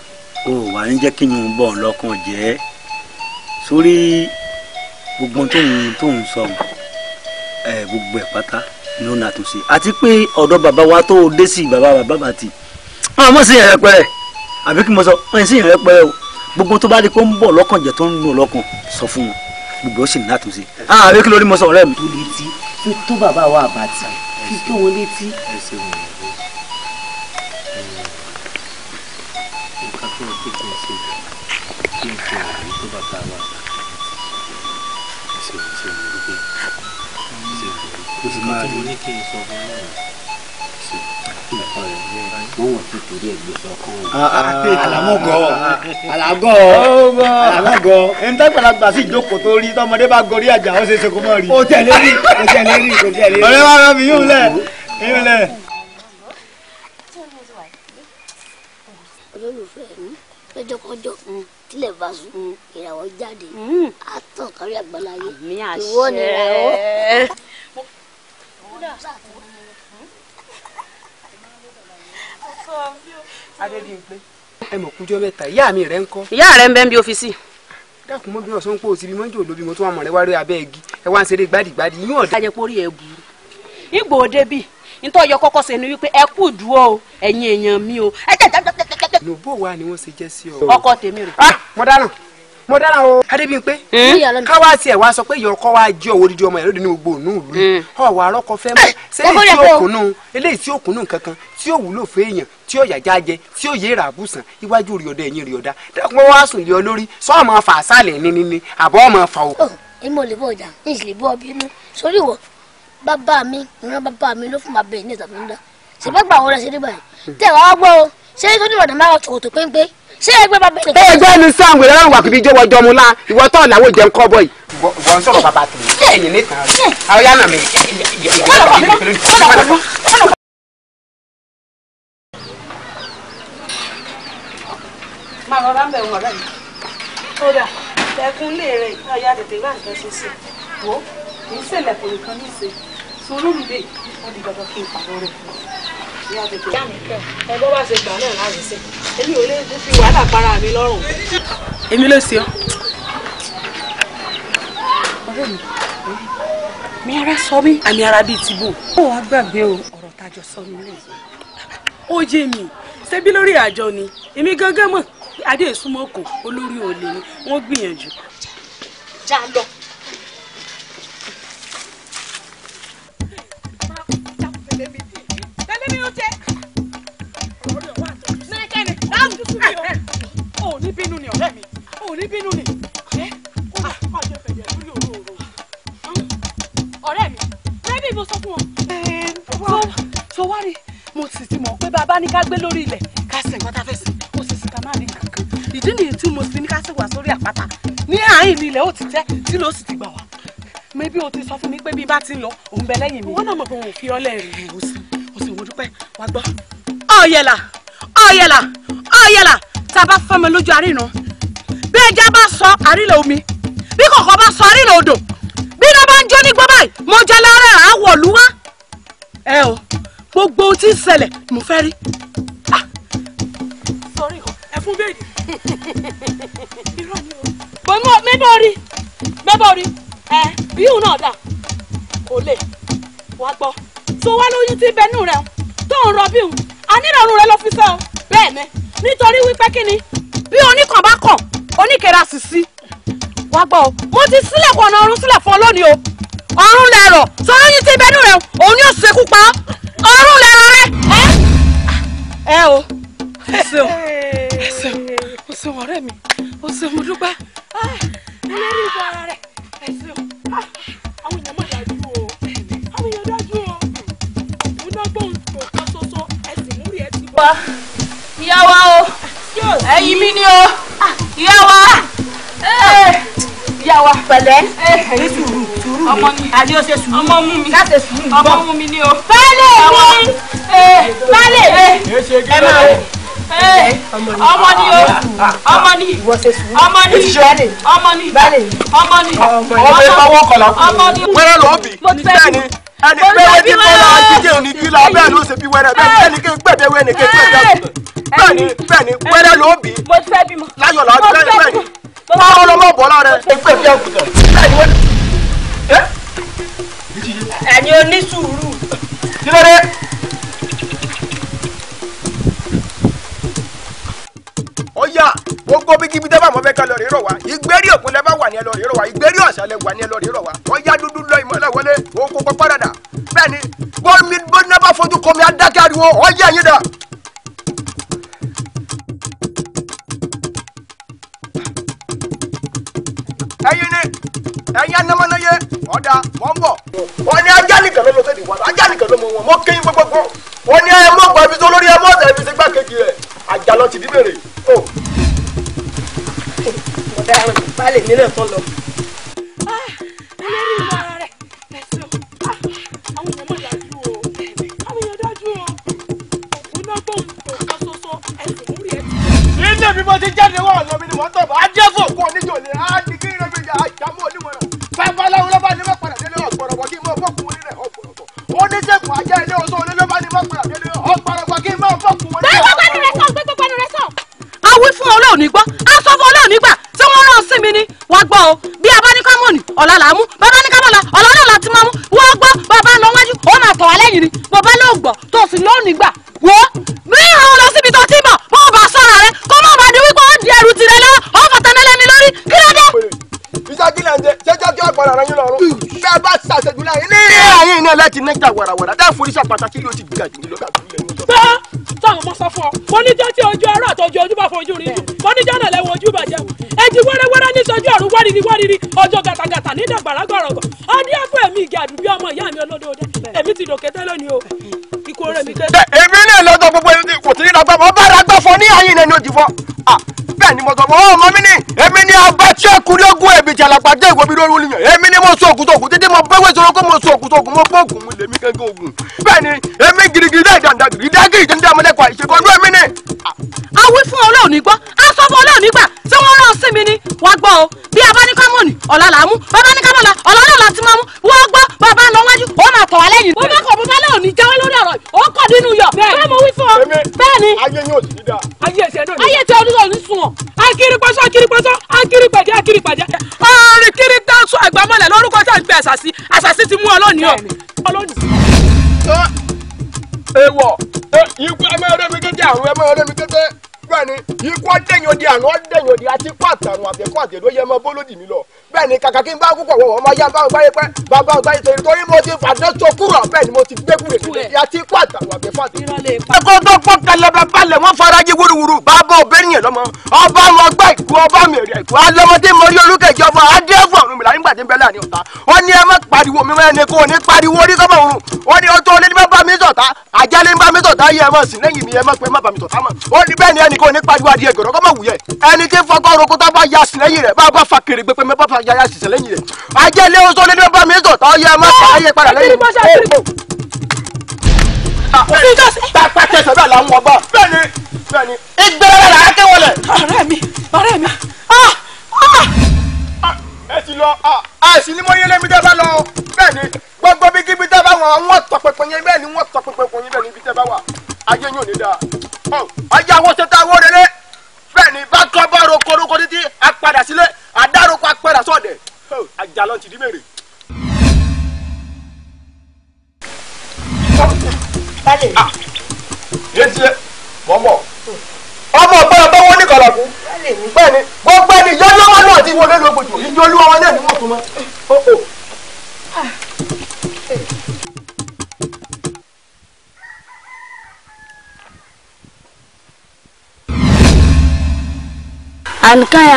o wà ní jẹ́ kí ni òun bọ̀ lọ́kàn jẹ́ sórí gbogbo tóun tóun sọ ẹ gbogbo ẹ̀ pátá ni ó nàtúnṣe àti pé ọ̀dọ̀ bàbá wa tó dé sí bàbá bàbá bàtì wọn mọ̀ sí ìrẹ́pẹ́ àbí kí mo sọ wọn sì ìrẹ́pẹ́ o gbogbo tó bá di kó ń bọ̀ lọ́kàn jẹ́ tó ń lò lọ́kàn sọ fún wọn gbogbo ọ̀sìn ní àtúnṣe. ààrẹ kí lórí mọ́sán ọ̀rẹ́ mi. tó létí tó bàbá wa àbàtì fi tó wọn létí. ẹ ṣeun nǹkan tó ń tètè wọn wọ ti torí ẹ gbèsè ọkàn wọn. alamọgọ ah, ah, alagọ ah, alamọgọ ntẹgbàlagbà sí ìjókòó tó rí tọmọdé bá gorí àjà ó ṣe é ṣe kó mọ rí. o tẹ̀lé rí o tẹ̀lé rí o tẹ̀lé rí. ọ̀rẹ́ wa rẹ̀ mi yóò lẹ̀ yóò lẹ̀. olólùfẹ́ lọ́jọ́kọjọ́ mm, tilẹ̀ bá sùn mm, ìràwọ̀ jáde á mm. tàn kárí àgbáláyé ìwọ nìràwọ̀. adébíyìnpé ẹ mọ̀ kújọ́ mẹ́ta ìyá mi rẹ̀ ń rẹ̀ ń dákun bí sọ ń mo tún wà mọ̀rẹ́ wá rí abẹ́ igi ẹ wá ń ṣeré yín o èèyàn mi o. nùbọ̀ wa ni wọ́n ṣe jẹ́ sí ọ. mo dára o adébíyìnpé káwá tiẹ̀ wá sọ pé yọkọ wá jí ọwọ́ dídí ọmọ ẹ̀ lóde ní gbogbo ònú ìlú yìí ọ̀wọ́ arọ́kọ fẹ́ mọ́ ṣé èyí tí ó kùnú eléyìí tí ó kùnú kankan tí ó wúlò fún èèyàn tí ó yàjá jẹ tí ó yé ra àbùsàn iwájú rí ọdẹ ẹ̀yìn rí ọdá dákun wá sùn lé ọ lórí sọ ọmọ fà sálẹ̀ ní ní ní àbọ̀ ọmọ fà o. Oh, èmi ò lè bọ̀ ọjà ní ìsìlè bọ́ ọbí inú sórí ìwọ bàbá mi ìran bàbá mi ló fún ma bẹ̀rẹ̀ ní ìtàkùn ńlá ṣèbẹ́gbà wọlé ṣe dé báyìí hmm. tẹ̀ wá gbọ́ o ṣé nítorí ìwọ̀n náà máa tòkòtò péńpé ṣé ẹgbẹ́ bàbá mi. ẹ gbọ́ ẹnu sáà wẹ̀rẹ̀ ọ̀run wà kúbi jọwọ́ jọmu la ìwọ tó ọ̀làwọ̀ jẹun kọ́ bọ̀ yìí. wọ́n sọ̀rọ̀ bàbá tèmi ẹ̀yìn níta àwọn yánà mi. máa rọra ń bẹ̀ wọ̀n rẹ̀ kódà ẹkún lè rẹ̀ ọ̀yà tètè bá nǹkan ṣe sí wo kì í ṣèlẹ̀kùn nìkan ní í ṣe sùúrù lè wọ́n di dandan kí n pàdé rẹ̀ fún ọ ìyá mi kẹ ẹ bọ́ bá ṣe gbà náà láti ṣe èmi ò lè fi wàhálà para mi lọ́rùn. èmi ló ṣe ọ. ọ̀rẹ́ mi mi ara sọ mí àmì ara bíi ti bò. ó wàá gbàgbé o ọ̀rọ̀ tájọ sọ nílé. ó yé mi ṣebí lórí àjọ ni èmi gángan mọ̀ adé ìsúnmọ́ kò olórí olè ni wọ́n gbìyànjú. já lọ. ká gbé lórí ilẹ̀ ká sìn nǹkan tá a fẹ́ sìn ó sì sìn ká má rí nǹkan ìdí nìyí tí mo sì ní ká sì wà sórí àpáta ní àárín ilẹ̀ ó ti tẹ́ tí ló sì ti gbà wá mi bí o ti sọ fún mi pé bí bá ti ń lọ òun bẹ lẹ́yìn mi wọn náà mọ̀ pé òun fi ọlẹ́ rìn ìwò sí o sì wọ́n dúpẹ́ wá gbọ́. ọ̀yẹ̀là ọ̀yẹ̀là ọ̀yẹ̀là tá a bá fọmọ lójú àríran bí ẹja bá sọ àrílẹ̀ omi bí kọ̀kọ́ bá sọ àrílẹ̀ odò bí iná bá ń jó nígbó báyìí mo jẹ́ lára àwọ̀lúwá. ẹ o gbogbo ohun tí ń ṣẹlẹ̀ mo fẹ́ rí. Ah! sọrí o ẹ fún bẹ́ẹ̀ ni irọ́ ni o. bọ́mọ mẹ́bọ̀ rí mẹ́bọ̀ rí ẹ bíhùn náà dà kò lè wá gbọ́ tó wá lóyún tí bẹnú rẹ tó ń rọ bíhùn anírọ̀rùn rẹ ló fi sọ bẹ́ẹ̀ ni nítorí wípé kí ni bí oníkàn bá kàn oníkèrè àṣìṣì wá gbọ́ o mo ti sílẹ̀kùn ọ̀nà ọ̀run sílẹ̀ fún ọ lónìí o ọ̀run lẹ̀rọ̀ sọ́yún tí bẹnú rẹ òun yóò ṣekú pa ọ́ ọrùn lẹ́ran rẹ. ẹ o ẹ ṣeun ẹ ṣeun o ṣeun mi o mo dúpẹ́ olórí ah, ah, o àwọn èèyàn o òun náà ẹyin mi ni o ah. ìyá wa ìyá wa pẹ̀lẹ́ sùúrù ni àní ó ṣe sùúrù ọmọ mú mi láti sùúrù bọ́ ọmọ mú mi ni o. baálé mi baálé mi ẹ máa wò ọmọ ni o ọmọ ni ọmọ ni ọmọ ni ọmọ ni ọmọ ni wẹ́rẹ́ lọ́ọ́ bì ní bẹ́ẹ̀ ni ẹni pẹ́ẹ́rẹ́ ti kọ́ la jíjẹ́ òní kí la bẹ́ẹ̀ ló ṣe bí wẹ́rẹ́ bẹ́ẹ̀ ni ẹni kí n pẹ̀dẹ̀ wẹ́ẹ̀ ni kí n pẹ̀dẹ̀ bẹ́ẹ̀ ni bẹ́ẹ̀ ni wẹ́rẹ́ lọ́ọ́ bì láyọ̀ làwọn bẹ́ẹ̀ ni bẹ́ẹ̀ ni báwo lọ́mọ bọ́lá rẹ̀ ẹgbẹ́ ìfẹ́ òkùtà bẹ́ẹ̀ ni wẹ́rẹ́ ẹ̀yin onísùúrù. kí ló dé. ó yá gbogbo bíkíbi tẹ́ bá mọ́ fẹ́ ká lọ rí rọ̀ wá ìgbérí òkun lẹ́ bá wà ní ẹ lọ rí rọ̀ wá ìgbérí ọ̀sálẹ̀ wà ní ẹ lọ rí rọ̀ wá ó yá dúdú lọ ìmọ̀lẹ̀ wọlé òkú kọ párádà bẹ́ẹ̀ ni bọ́ọ̀mí bọ́ọ̀nà bá fojú kọ́ mi adákẹ́ ariwo ó yá ẹ̀yin dà. ẹ̀yin ni ẹ̀yin anamánáyé ọ̀dà mọ̀ ń bọ̀. ní ajá nìkan ló mọ sẹ́ni wà ajá nìkan ló mọ wọn mọ́ kéyìn gbogbogbò wọ́n ní ẹ mọ́ gbàbí tó lórí ẹ mọ́ ọ̀sẹ̀ ìfisí gbàkejì rẹ̀ àjà lọ ti dí bèrè. ọ̀daràn balẹ̀ mi náà lọ. nájà warawara dáa forí sàpàtà kí ló ti gbé àjò nílò káàkiri lẹ́nu ìjọba. bá táwọn ọmọ sọ fún ọ mo ní jọ́ tí ojú ẹrọ àti ojú ojú bá fojú rí jù mo ní jọ́nà lẹ́wọ̀n ojú bàjẹ́ wò ẹjì wẹ́rẹ́wẹ́rẹ́ ní sọjú ọ̀run wárìrì wárìrì ọjọ́ gàtàgàtà ní dàgbàrà gbọ̀rọ̀gbọ̀ ọdí ẹ̀fọ́ ẹ̀mí ìgẹ̀ àdùbí ọmọ ìyá mi olódòdó èmi ti dòkè tẹ́lẹ̀ o jẹ́kulégún ẹ̀bìtì àlàpàdé ìwé mi lórí olùyàn èmi ni mo sọ ògùn sọ̀gùn títí mo bẹ́wẹ̀ sọ̀rọ̀ kó mo sọ ògùn sọ̀gùn mo bọ́ ògùn mi lèmi gẹ́gẹ́ ògùn bẹ́ẹ̀ ni èmi girigiri dá ìdàndà gírí dágì ìdíndà mọ́lẹ́kọ̀ ọdún èmi ni. awí fún ọlọ́run ní gbọ́ ọlọ́run nígbà tí wọ́n rán sí mi ni wá gbọ́ o bí a bá ayé ẹsẹ̀ náà ni. ayé ẹsẹ̀ oníṣòwò ní sunwọ̀n. akiri pọ́sọ́ akiri bàjẹ́ ọ̀rìn kiri tá sún àgbámọ́lẹ̀ lórúkọ tá à ń gbé àṣàṣì àṣàṣì ti mú ọlọ́ọ̀ni ọ ọlọ́ọ̀ni. ewọ ikú ẹ máa rẹ mi kété àrùn ẹ máa rẹ mi kété bẹ́ẹ̀ ni ikú ọdẹyìn odi àrùn ọdẹyìn odi àti kó àtàrùn àbẹkọ àtẹlóye ẹ máa bó lódì mí lọ bẹ́ẹ̀ ni kàkà kí n bá púpọ̀ wọ̀ wọ́n máa yá báwọn gbáyé pẹ́ bàbá ọ̀gbáyé torí torí mo ti fàdán so kúrò bẹ́ẹ̀ ni mo ti gbé kúrò kékeré àti ikú àtàwọn àgbẹ̀ fàdé. ẹ̀kọ́ tó pọ̀ kẹlẹ́bẹ̀ balẹ̀ wọ́n faraji wúruwúru bàbá obìnrin yẹn lọ́mọ ọba wọn gbá ìkú ọba mèrè ìkú alọ́mọdé mọ̀rí olùkẹ́jọ ọmọ adéfò ọ̀run mìlá nígbà tí ń bẹ láàrin ọ̀tá ajá yà sísẹ lẹ́yìn rẹ̀ ajá ilé oṣù ní bá mi sọ tó yẹ má sọ ayé padà lẹ́yìn rẹ̀. tàpá ah, tẹsán bẹ́ẹ̀ la ń wọ bá bẹ́ẹ̀ni bẹ́ẹ̀ni ìgbẹ́rẹ́ la ké wọlé. ọ̀rẹ́ mi ọ̀rẹ́ mi ah, ah. ẹ ti lọ àìsí ni mo yé lẹ́mi tẹ́ bá lọ bẹ́ẹ̀ni gbogbo bí kíbi tẹ́ bá wọn wọ́n tọpẹpẹ yẹn bẹ́ẹ̀ ni wọ́n tọpẹpẹ yẹn bẹ́ẹ̀ ni ibi tẹ́ bá wà ajé yóò ní dáa oh, ajá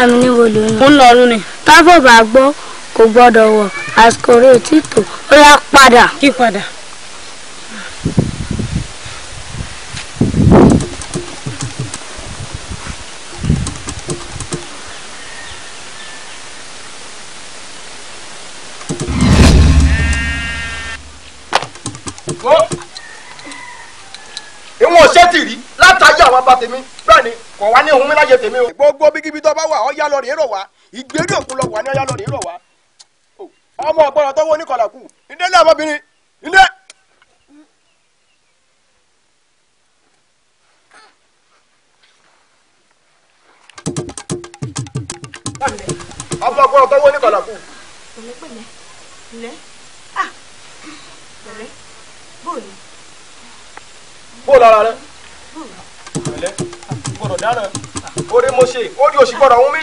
ìyá mi níbo ló ń lọ. ń lọ ọdún ni. tábọ̀ bá gbọ́ kò gbọ́dọ̀ wọ̀ àsìkò rẹ̀ ò tí tò ó yá padà. kí padà. ìwọ̀n ṣẹ́tì rí látàyè àwọn abatèmi bẹ́ẹ̀ ni kò wá ní ohun mi láyé tèmi o. gbogbo bí ọyá lọ rèé rọ̀ wá ìgbérí òkun lọ wà ní ọyá lọ rèé rọ̀ wá ọmọ ọgbọ́n tọ́wọ́ oníkọlà kù ìdílé ọmọbìnrin ìdílé. ọmọ ọgbọ́n tọ́wọ́ oníkọlà kù. pẹ̀lẹ́pẹ̀lẹ́ lẹ́ ah pẹ̀lẹ́ bóòlù. bóòlù ara rẹ pẹ̀lẹ́ gbọ́dọ̀ dáná orí mo ṣe ó di òṣì gbọ́dọ̀ ọ̀hún mi.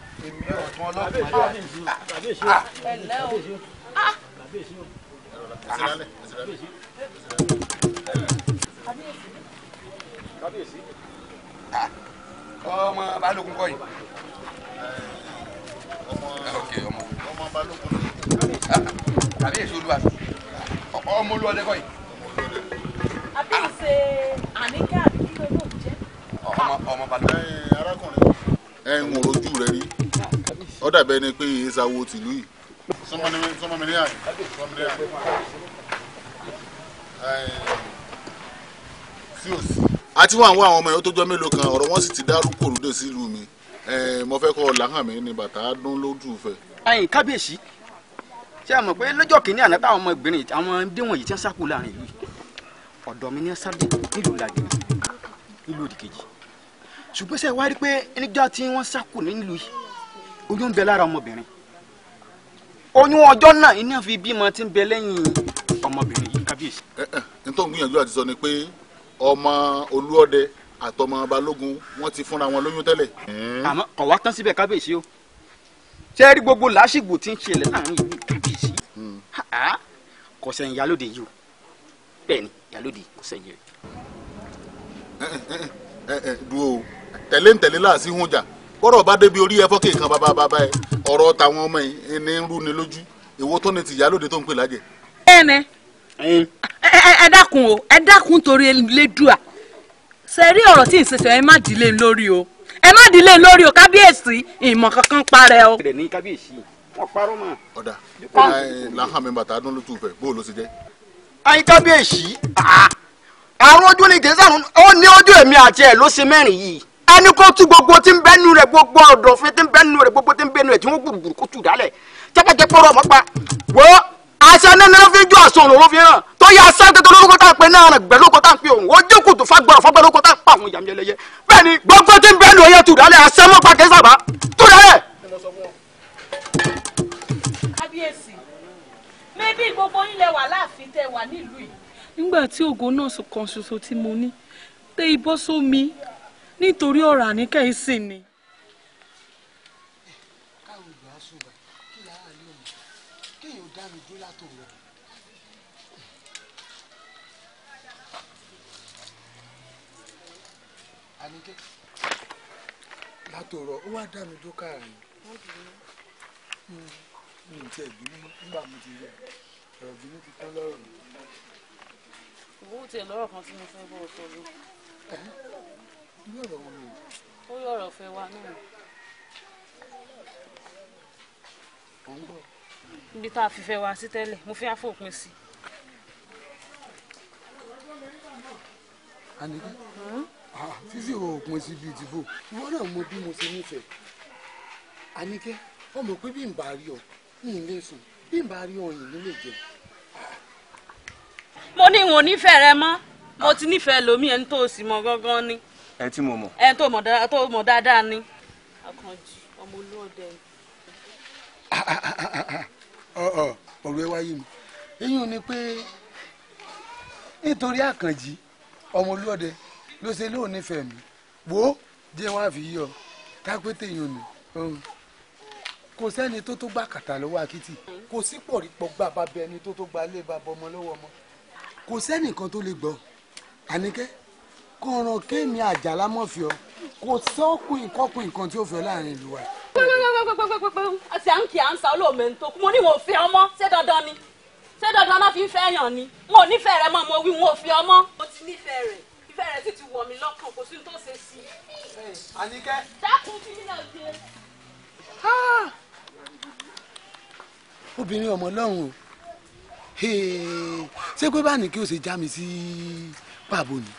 fún ọlọ́run máa yá. ẹ ǹlẹ́ o. kábíyèsí. ọmọ balógun kọ́ yìí. ọmọ ọmọ balógun. kábíyèsí olúwa ọmọ olúwa dẹ́kọ̀ yìí. àbí ṣe àníkẹ́ àbí kí ló lóun jẹ́. ọmọ balógun. arákùnrin ẹ̀ ń rojú rẹ rí ó dàbẹ́ ni pé èyí sáwó tìlú yìí. sọmọ mi ní àyè sọmọ mi ní àyè sí òsì. a ti wá àwọn àwọn ọmọ yẹn ó tó jọ mélòó kan ọ̀rọ̀ wọn sì ti dárú kòrúdé sílùú mi mo fẹ́ kọ́ làhàn mi ni bàtà dún lójú fẹ́. ayin kábíyèsí ṣé ẹ mọ̀ pé lọ́jọ́ kìíní àná táwọn ọmọbìnrin àwọn déwọ̀n yìí ti ń sáku láàrin ìlú yìí ọ̀dọ̀ mi ní ẹ sáré nílùú làgẹ̀rẹ̀ nílùú òdìkejì ṣùgbọ́n sẹ́ẹ̀ wá rí pé níjọ́ tí wọ́n sáku nílùú yìí oyún ń bẹ lára ọmọbìnrin oyún ọjọ́ náà iná fi bímọ tí ń bẹ lẹ́yìn ọmọbìnrin yìí kábíyèsí. ẹ ẹ nítorí gbìyànjú àti sọ ni pé ọmọ olúọdẹ àtọmọ balógun wọn ti fúnra wọn lóyún tẹ́lẹ̀. Eh. àmọ́ kò wá tán síbẹ̀ kábíyèsí o ṣé rí gbogbo làásìgbò tí ń ṣẹlẹ̀ láàrin ìlú kábíyèsí hmm. kò sẹ́yìn yálòdì yìí o bẹ́ẹ̀ ni yálòdì kò sẹ́yìn rẹ̀. ẹ ẹ ẹ dúró tẹ̀lé ń tẹ̀lé láàsì hùn jà bọ́rọ̀ bá débi orí ẹ fọ́kè kan bàbá bàbá ẹ ọ̀rọ̀ tàwọn ọmọ ẹ ní ń rúni lójú èwo tó ní ti ìyá lóde tó ń pè lájẹ. ẹnẹ ẹ dákun o ẹ dákun torí elédùà ṣe rí ọ̀rọ̀ tí ń ṣe sọ ẹ má dìlé e lórí o ẹ má dìlé e lórí o kábíyèsí ìmọ̀ kankan parẹ́ o. ẹ̀rẹ̀ ní kábíyèsí wọ́n parọ́ mọ́. ọ̀dà làhàn mi bàtà dún lótú fẹ̀ bóòlù ti jẹ́. ayin kábíyèsí àrùn ojú ni kì í sàrùn ó ní ojú èmi àti ẹ̀ ló ṣe mẹ́rin yìí ẹni kó tú gbogbo tí ń bẹ́nu rẹ̀ gbogbo ọ̀dọ̀fin tí ń bẹ́nu rẹ̀ gbogbo tí ń bẹ́nu rẹ̀ tí wọ́n gbùrùgbùrù kó tù dálẹ̀ jẹ́kẹ́jẹ́ pọ́rọ̀ ọmọ pa wo aṣọ nínú fi ju àṣọ òróró fi hàn tó yẹ aṣọ tètè tá a pe náà gbẹlóko tá a pe òun ojú kùtù fagbọrọ fagbọrọkọ tá a pa àwọn ìyàmì ẹlẹyẹ bẹ́ẹ̀ ni gbogbo tí ń bẹ́nu oyè tù dálẹ̀ aṣọ mọ́ pa kẹsàbà tù dálẹ̀. kábíyèsí mébí gbogbo yín lẹ nítorí ọ̀rọ̀ àníkẹ́ ìsìn ni. káwọn ìgbà ṣùgbọ́n kí ó wá dá mi dúró kára ni mi ò tiẹ̀ bínú nígbà mo ti rí ọ̀rọ̀ bínú ti tán lọ́rùn. ìwọ́n tiẹ̀ lọ́rọ̀ kan tí mo fẹ́ bọ́ ọ sọ ló ilé ọ̀rọ̀ wọn ni o. ó yọ ọ̀rọ̀ fẹ́ wa náà. ò ń tá a fi fẹ́ wa sí tẹ́lẹ̀ mo fi àfòpin sí. àníkẹ́ sísè ah, o òpin sí bíi tìfò ìwọ náà mọ bí mo ṣe nífẹ̀ẹ́ àníkẹ́ ọmọ pé bí n bá rí ọ ní ilé sùn bí n bá rí ọ yìí nílé jẹ. mo ní ìwọ̀n onífẹ̀ẹ́ rẹ mọ́ mo ti nífẹ̀ẹ́ lómi ẹni tó o sì mọ gángan ni ẹ tí mo mọ̀. ẹ tó mọ̀ dáadáa ni akànjì ọmọ olóòdẹ. ọ̀rọ̀ ẹ wáyé mi eyín ni pé nítorí àkànjì ọmọ olóòdẹ ló ṣe lóun nífẹ̀ẹ́ mi wo jẹ́ wá fi yọ kápẹ́tẹ̀ yìí ò ní kò sẹ́ni tó tó gbà kàtà lọ́wọ́ akitì kò sí pọ̀rípọ̀ gbà bàbá ẹni tó tó gba ilé bàbá ọmọ lọ́wọ́ ọmọ kò sẹ́nìkan tó lè gbọ́ àníkẹ́ kan ran kéèmí àjàlá mọ̀ fi ọ kò sọ́kùn ìkọ́kùn nǹkan tí ó fẹ́ láàrin ìlú wa. ọ̀sẹ̀ à ń kì í à ń sa mo ní wọn ò fi ọmọ ṣé dandan ni ṣé dandan náà fi ń fẹ́ yàn ni wọn ò nífẹ̀ẹ́ rẹ mọ́ mo wí wọn ò fi ọmọ. mo ti nífẹ̀ẹ́ rẹ̀ ìfẹ́ rẹ̀ sì ti wọ̀ mí lọ́kàn kò sí ní tó ṣe sí i. àníkẹ́. dákun fi mí náà obìnrin ọmọ lọ́hùn o ṣé pé báà ní kí o ṣe já mi sí pàbó ni.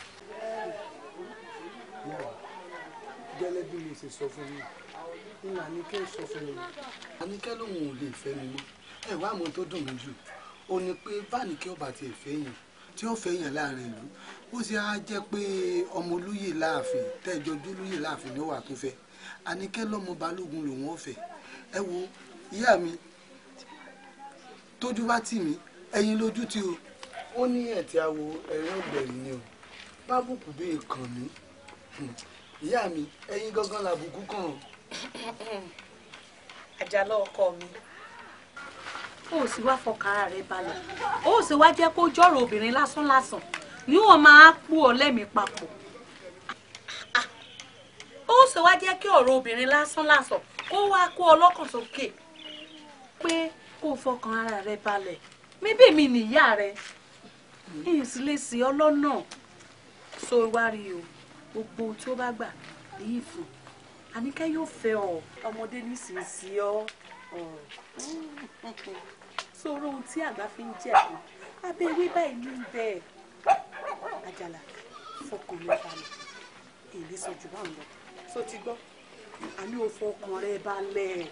mo ṣe sọ fún yín nínú àníkẹ́ sọ fún mi. àníkẹ́ lòun ò lè fẹ́ mi mọ́ ẹ wá àwọn tó dùn mí jù ó ní pé báàní kí ọba ti fẹ́ yẹn tí ó fẹ́ yẹn láàrin ìlú ó sì á jẹ́ pé ọmọ olóyè láàfin tẹ́jọ́ jólóyè láàfin ni ó wà tó fẹ́ àníkẹ́ lọ́mọ balógun lòun ọ̀fẹ́ ẹ wo ìyá mi tójú bá tì mí ẹ̀yin lójú tí o ó ní ẹ̀tí awo ẹ̀rọ ọ̀gbẹ̀rì ni o bábùkù bẹ́ẹ̀ kàn mí ìyá mi ẹ̀yin gangan làbùkù kàn. àjàlọ ọkọ mi ó sì wá fọkàn ara rẹ balẹ̀ ó sì wá jẹ́ kó jọ̀rọ̀ obìnrin lásán lásán ni wọ́n máa pú ọ lẹ́mìí papọ̀ ó sì wá jẹ́ kí ọ̀rọ̀ obìnrin lásán lásán kó wá kó ọlọ́kàn sókè pé kó fọkàn ara rẹ balẹ̀ mébè mi nìyá rẹ ìsìlẹ̀sì ọlọ́nà sọ wá rí o gbogbo tí ó bá gbà èyí fún àníkẹ́ yóò fẹ́ ọ ọmọdé nísinsìnyí ọ sọ̀rọ̀ ohun tí àgbà fi ń jẹ́ ẹ̀kọ́ abẹ́ ewé báyìí ní bẹ́ẹ̀ àjàlá fọkàn rẹ balẹ̀ èlé sọ jù báwọn lọ sọ ti gbọ́ àní o fọkàn rẹ balẹ̀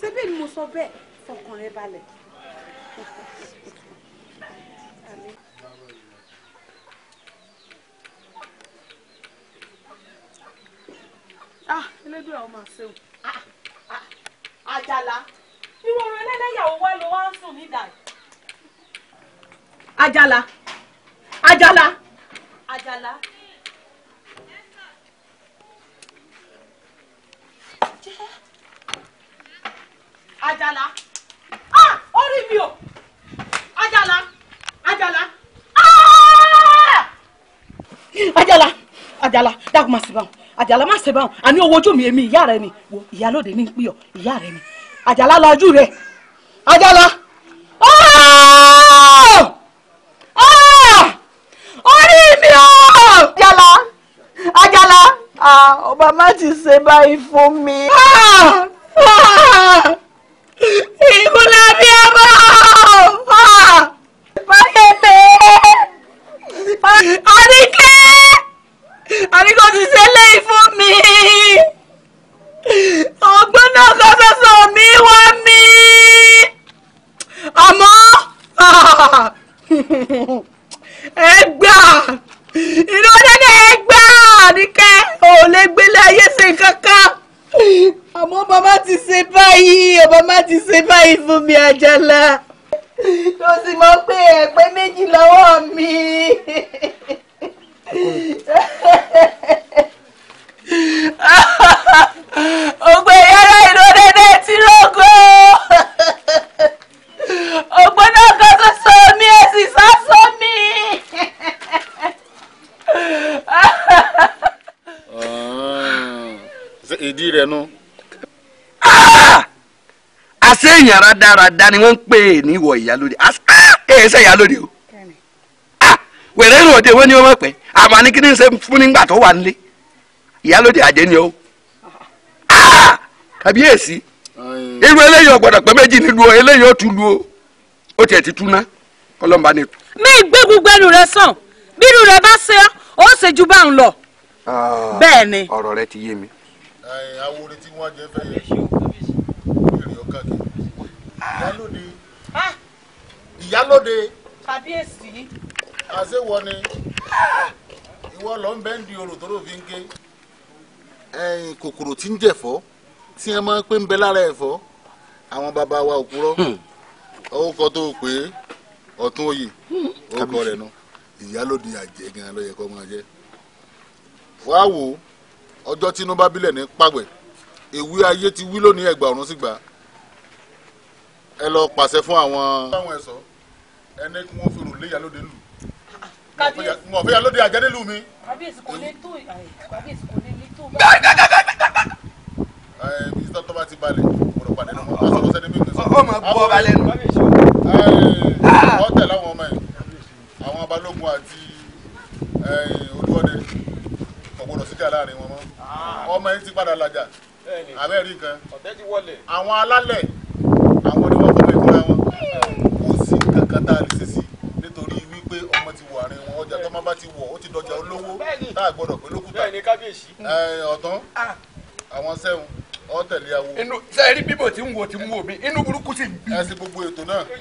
ṣebí ni mo sọ bẹ́ẹ̀ fọkàn rẹ balẹ̀. ah elédùn àwọn máa ṣe o. Ah, ah, àjàlá irú oorun ẹlẹ́lẹ́yàwó wá ló wá ń sùn nídà yìí. àjàlá àjàlá àjàlá. àjàlá ah orí mi o ah àjàlá àjàlá dákun máa sì àjàlá má ṣe báwọn àní owó ojú mi èmi ìyá rẹ ni wo ìyá lóde ní píyọ ìyá rẹ ni àjàlá la ojú rẹ àjàlá. orí mi o. àjàlá àjàlá ah, ọba má ti ṣe báyìí fún mi. Ah! 太敷衍了。èèyàn rádaràda ni wọ́n ń pè é ah! ìyálóde o ah! wẹ̀rẹ̀ òde wọ́n ní wọ́n pẹ́ àmọ́ kí ni ṣe fún nígbà tó wà nílé ìyálóde àjẹ́ ni o ah! irú eléyìí pé méjì eléyìí ó lu o ó tiẹ̀ ti ná ọlọ́mọba ni. mi gbé gbogbo ẹnu rẹ sàn bí rẹ bá ó ṣe ju ń lọ. bẹ́ẹ̀ ni. ìyálóde ah! ìyálóde kábíyèsí àṣewọ ni ìwọ lọ ń bẹ́ẹ̀ di orò tó rò fi ń ké. ẹyin kòkòrò tí ń jẹ̀fọ́ tí ẹ máa ń pè ń bẹ lára ẹ̀fọ́ àwọn bàbá wa ò kúrò hmm. orúkọ tó pè é ọ̀tún oyè hmm. orúkọ rẹ̀ nu ìyálóde àjẹ́ gan-an ló yẹ kó máa jẹ́ wá wò ọjọ́ tínú bábílẹ̀ ní pàgbẹ́ èwe ayé ti wí lónìí ẹ̀gbà ọ̀run sígbà. Si ẹ lọ pàṣẹ fún àwọn. táwọn ẹ̀sọ́ ẹni kí wọ́n fi rò lé ìyálóde lù mọ̀ fẹ́ ìyálóde àjẹ́dẹ́lù mi. kábíyèsí kò lè tó kábíyèsí kò lè lè tó báyìí mísítọ́ tó bá ti balẹ̀ gbọ́dọ̀ padà nínú ọmọ ọmọ sẹ́ni mímu sọ. ọmọ gbọ́ balẹ̀ nù. wọ́n tẹ̀lé àwọn ọmọ yìí àwọn balógun àti olúwọ́dẹ ọ̀gbọ́dọ̀ síjà láàrin wọn mọ́ ah! ọmọ yìí ti padà làjà abẹ́rẹ́ nǹkan àwọn alálẹ̀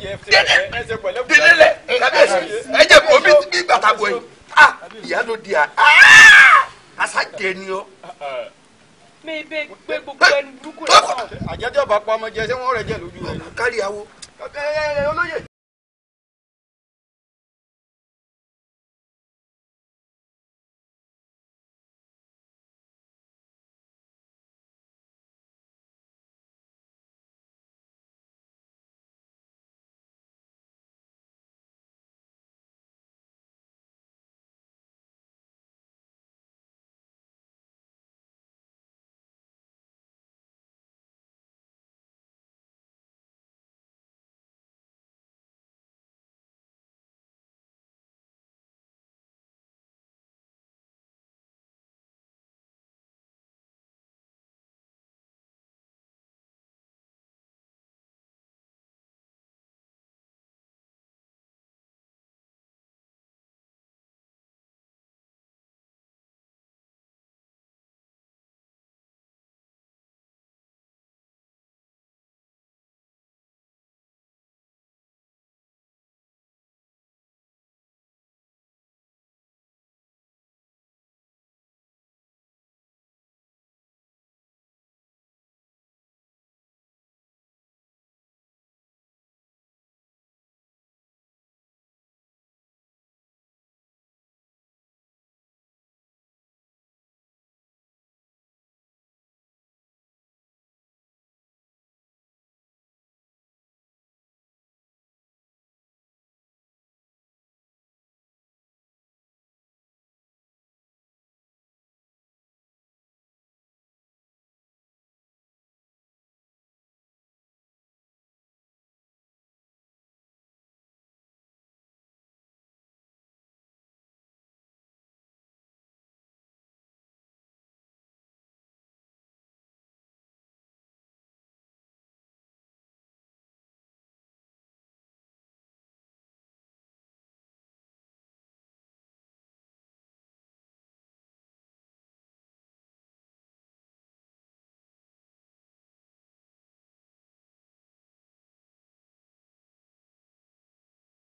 you have to. get it.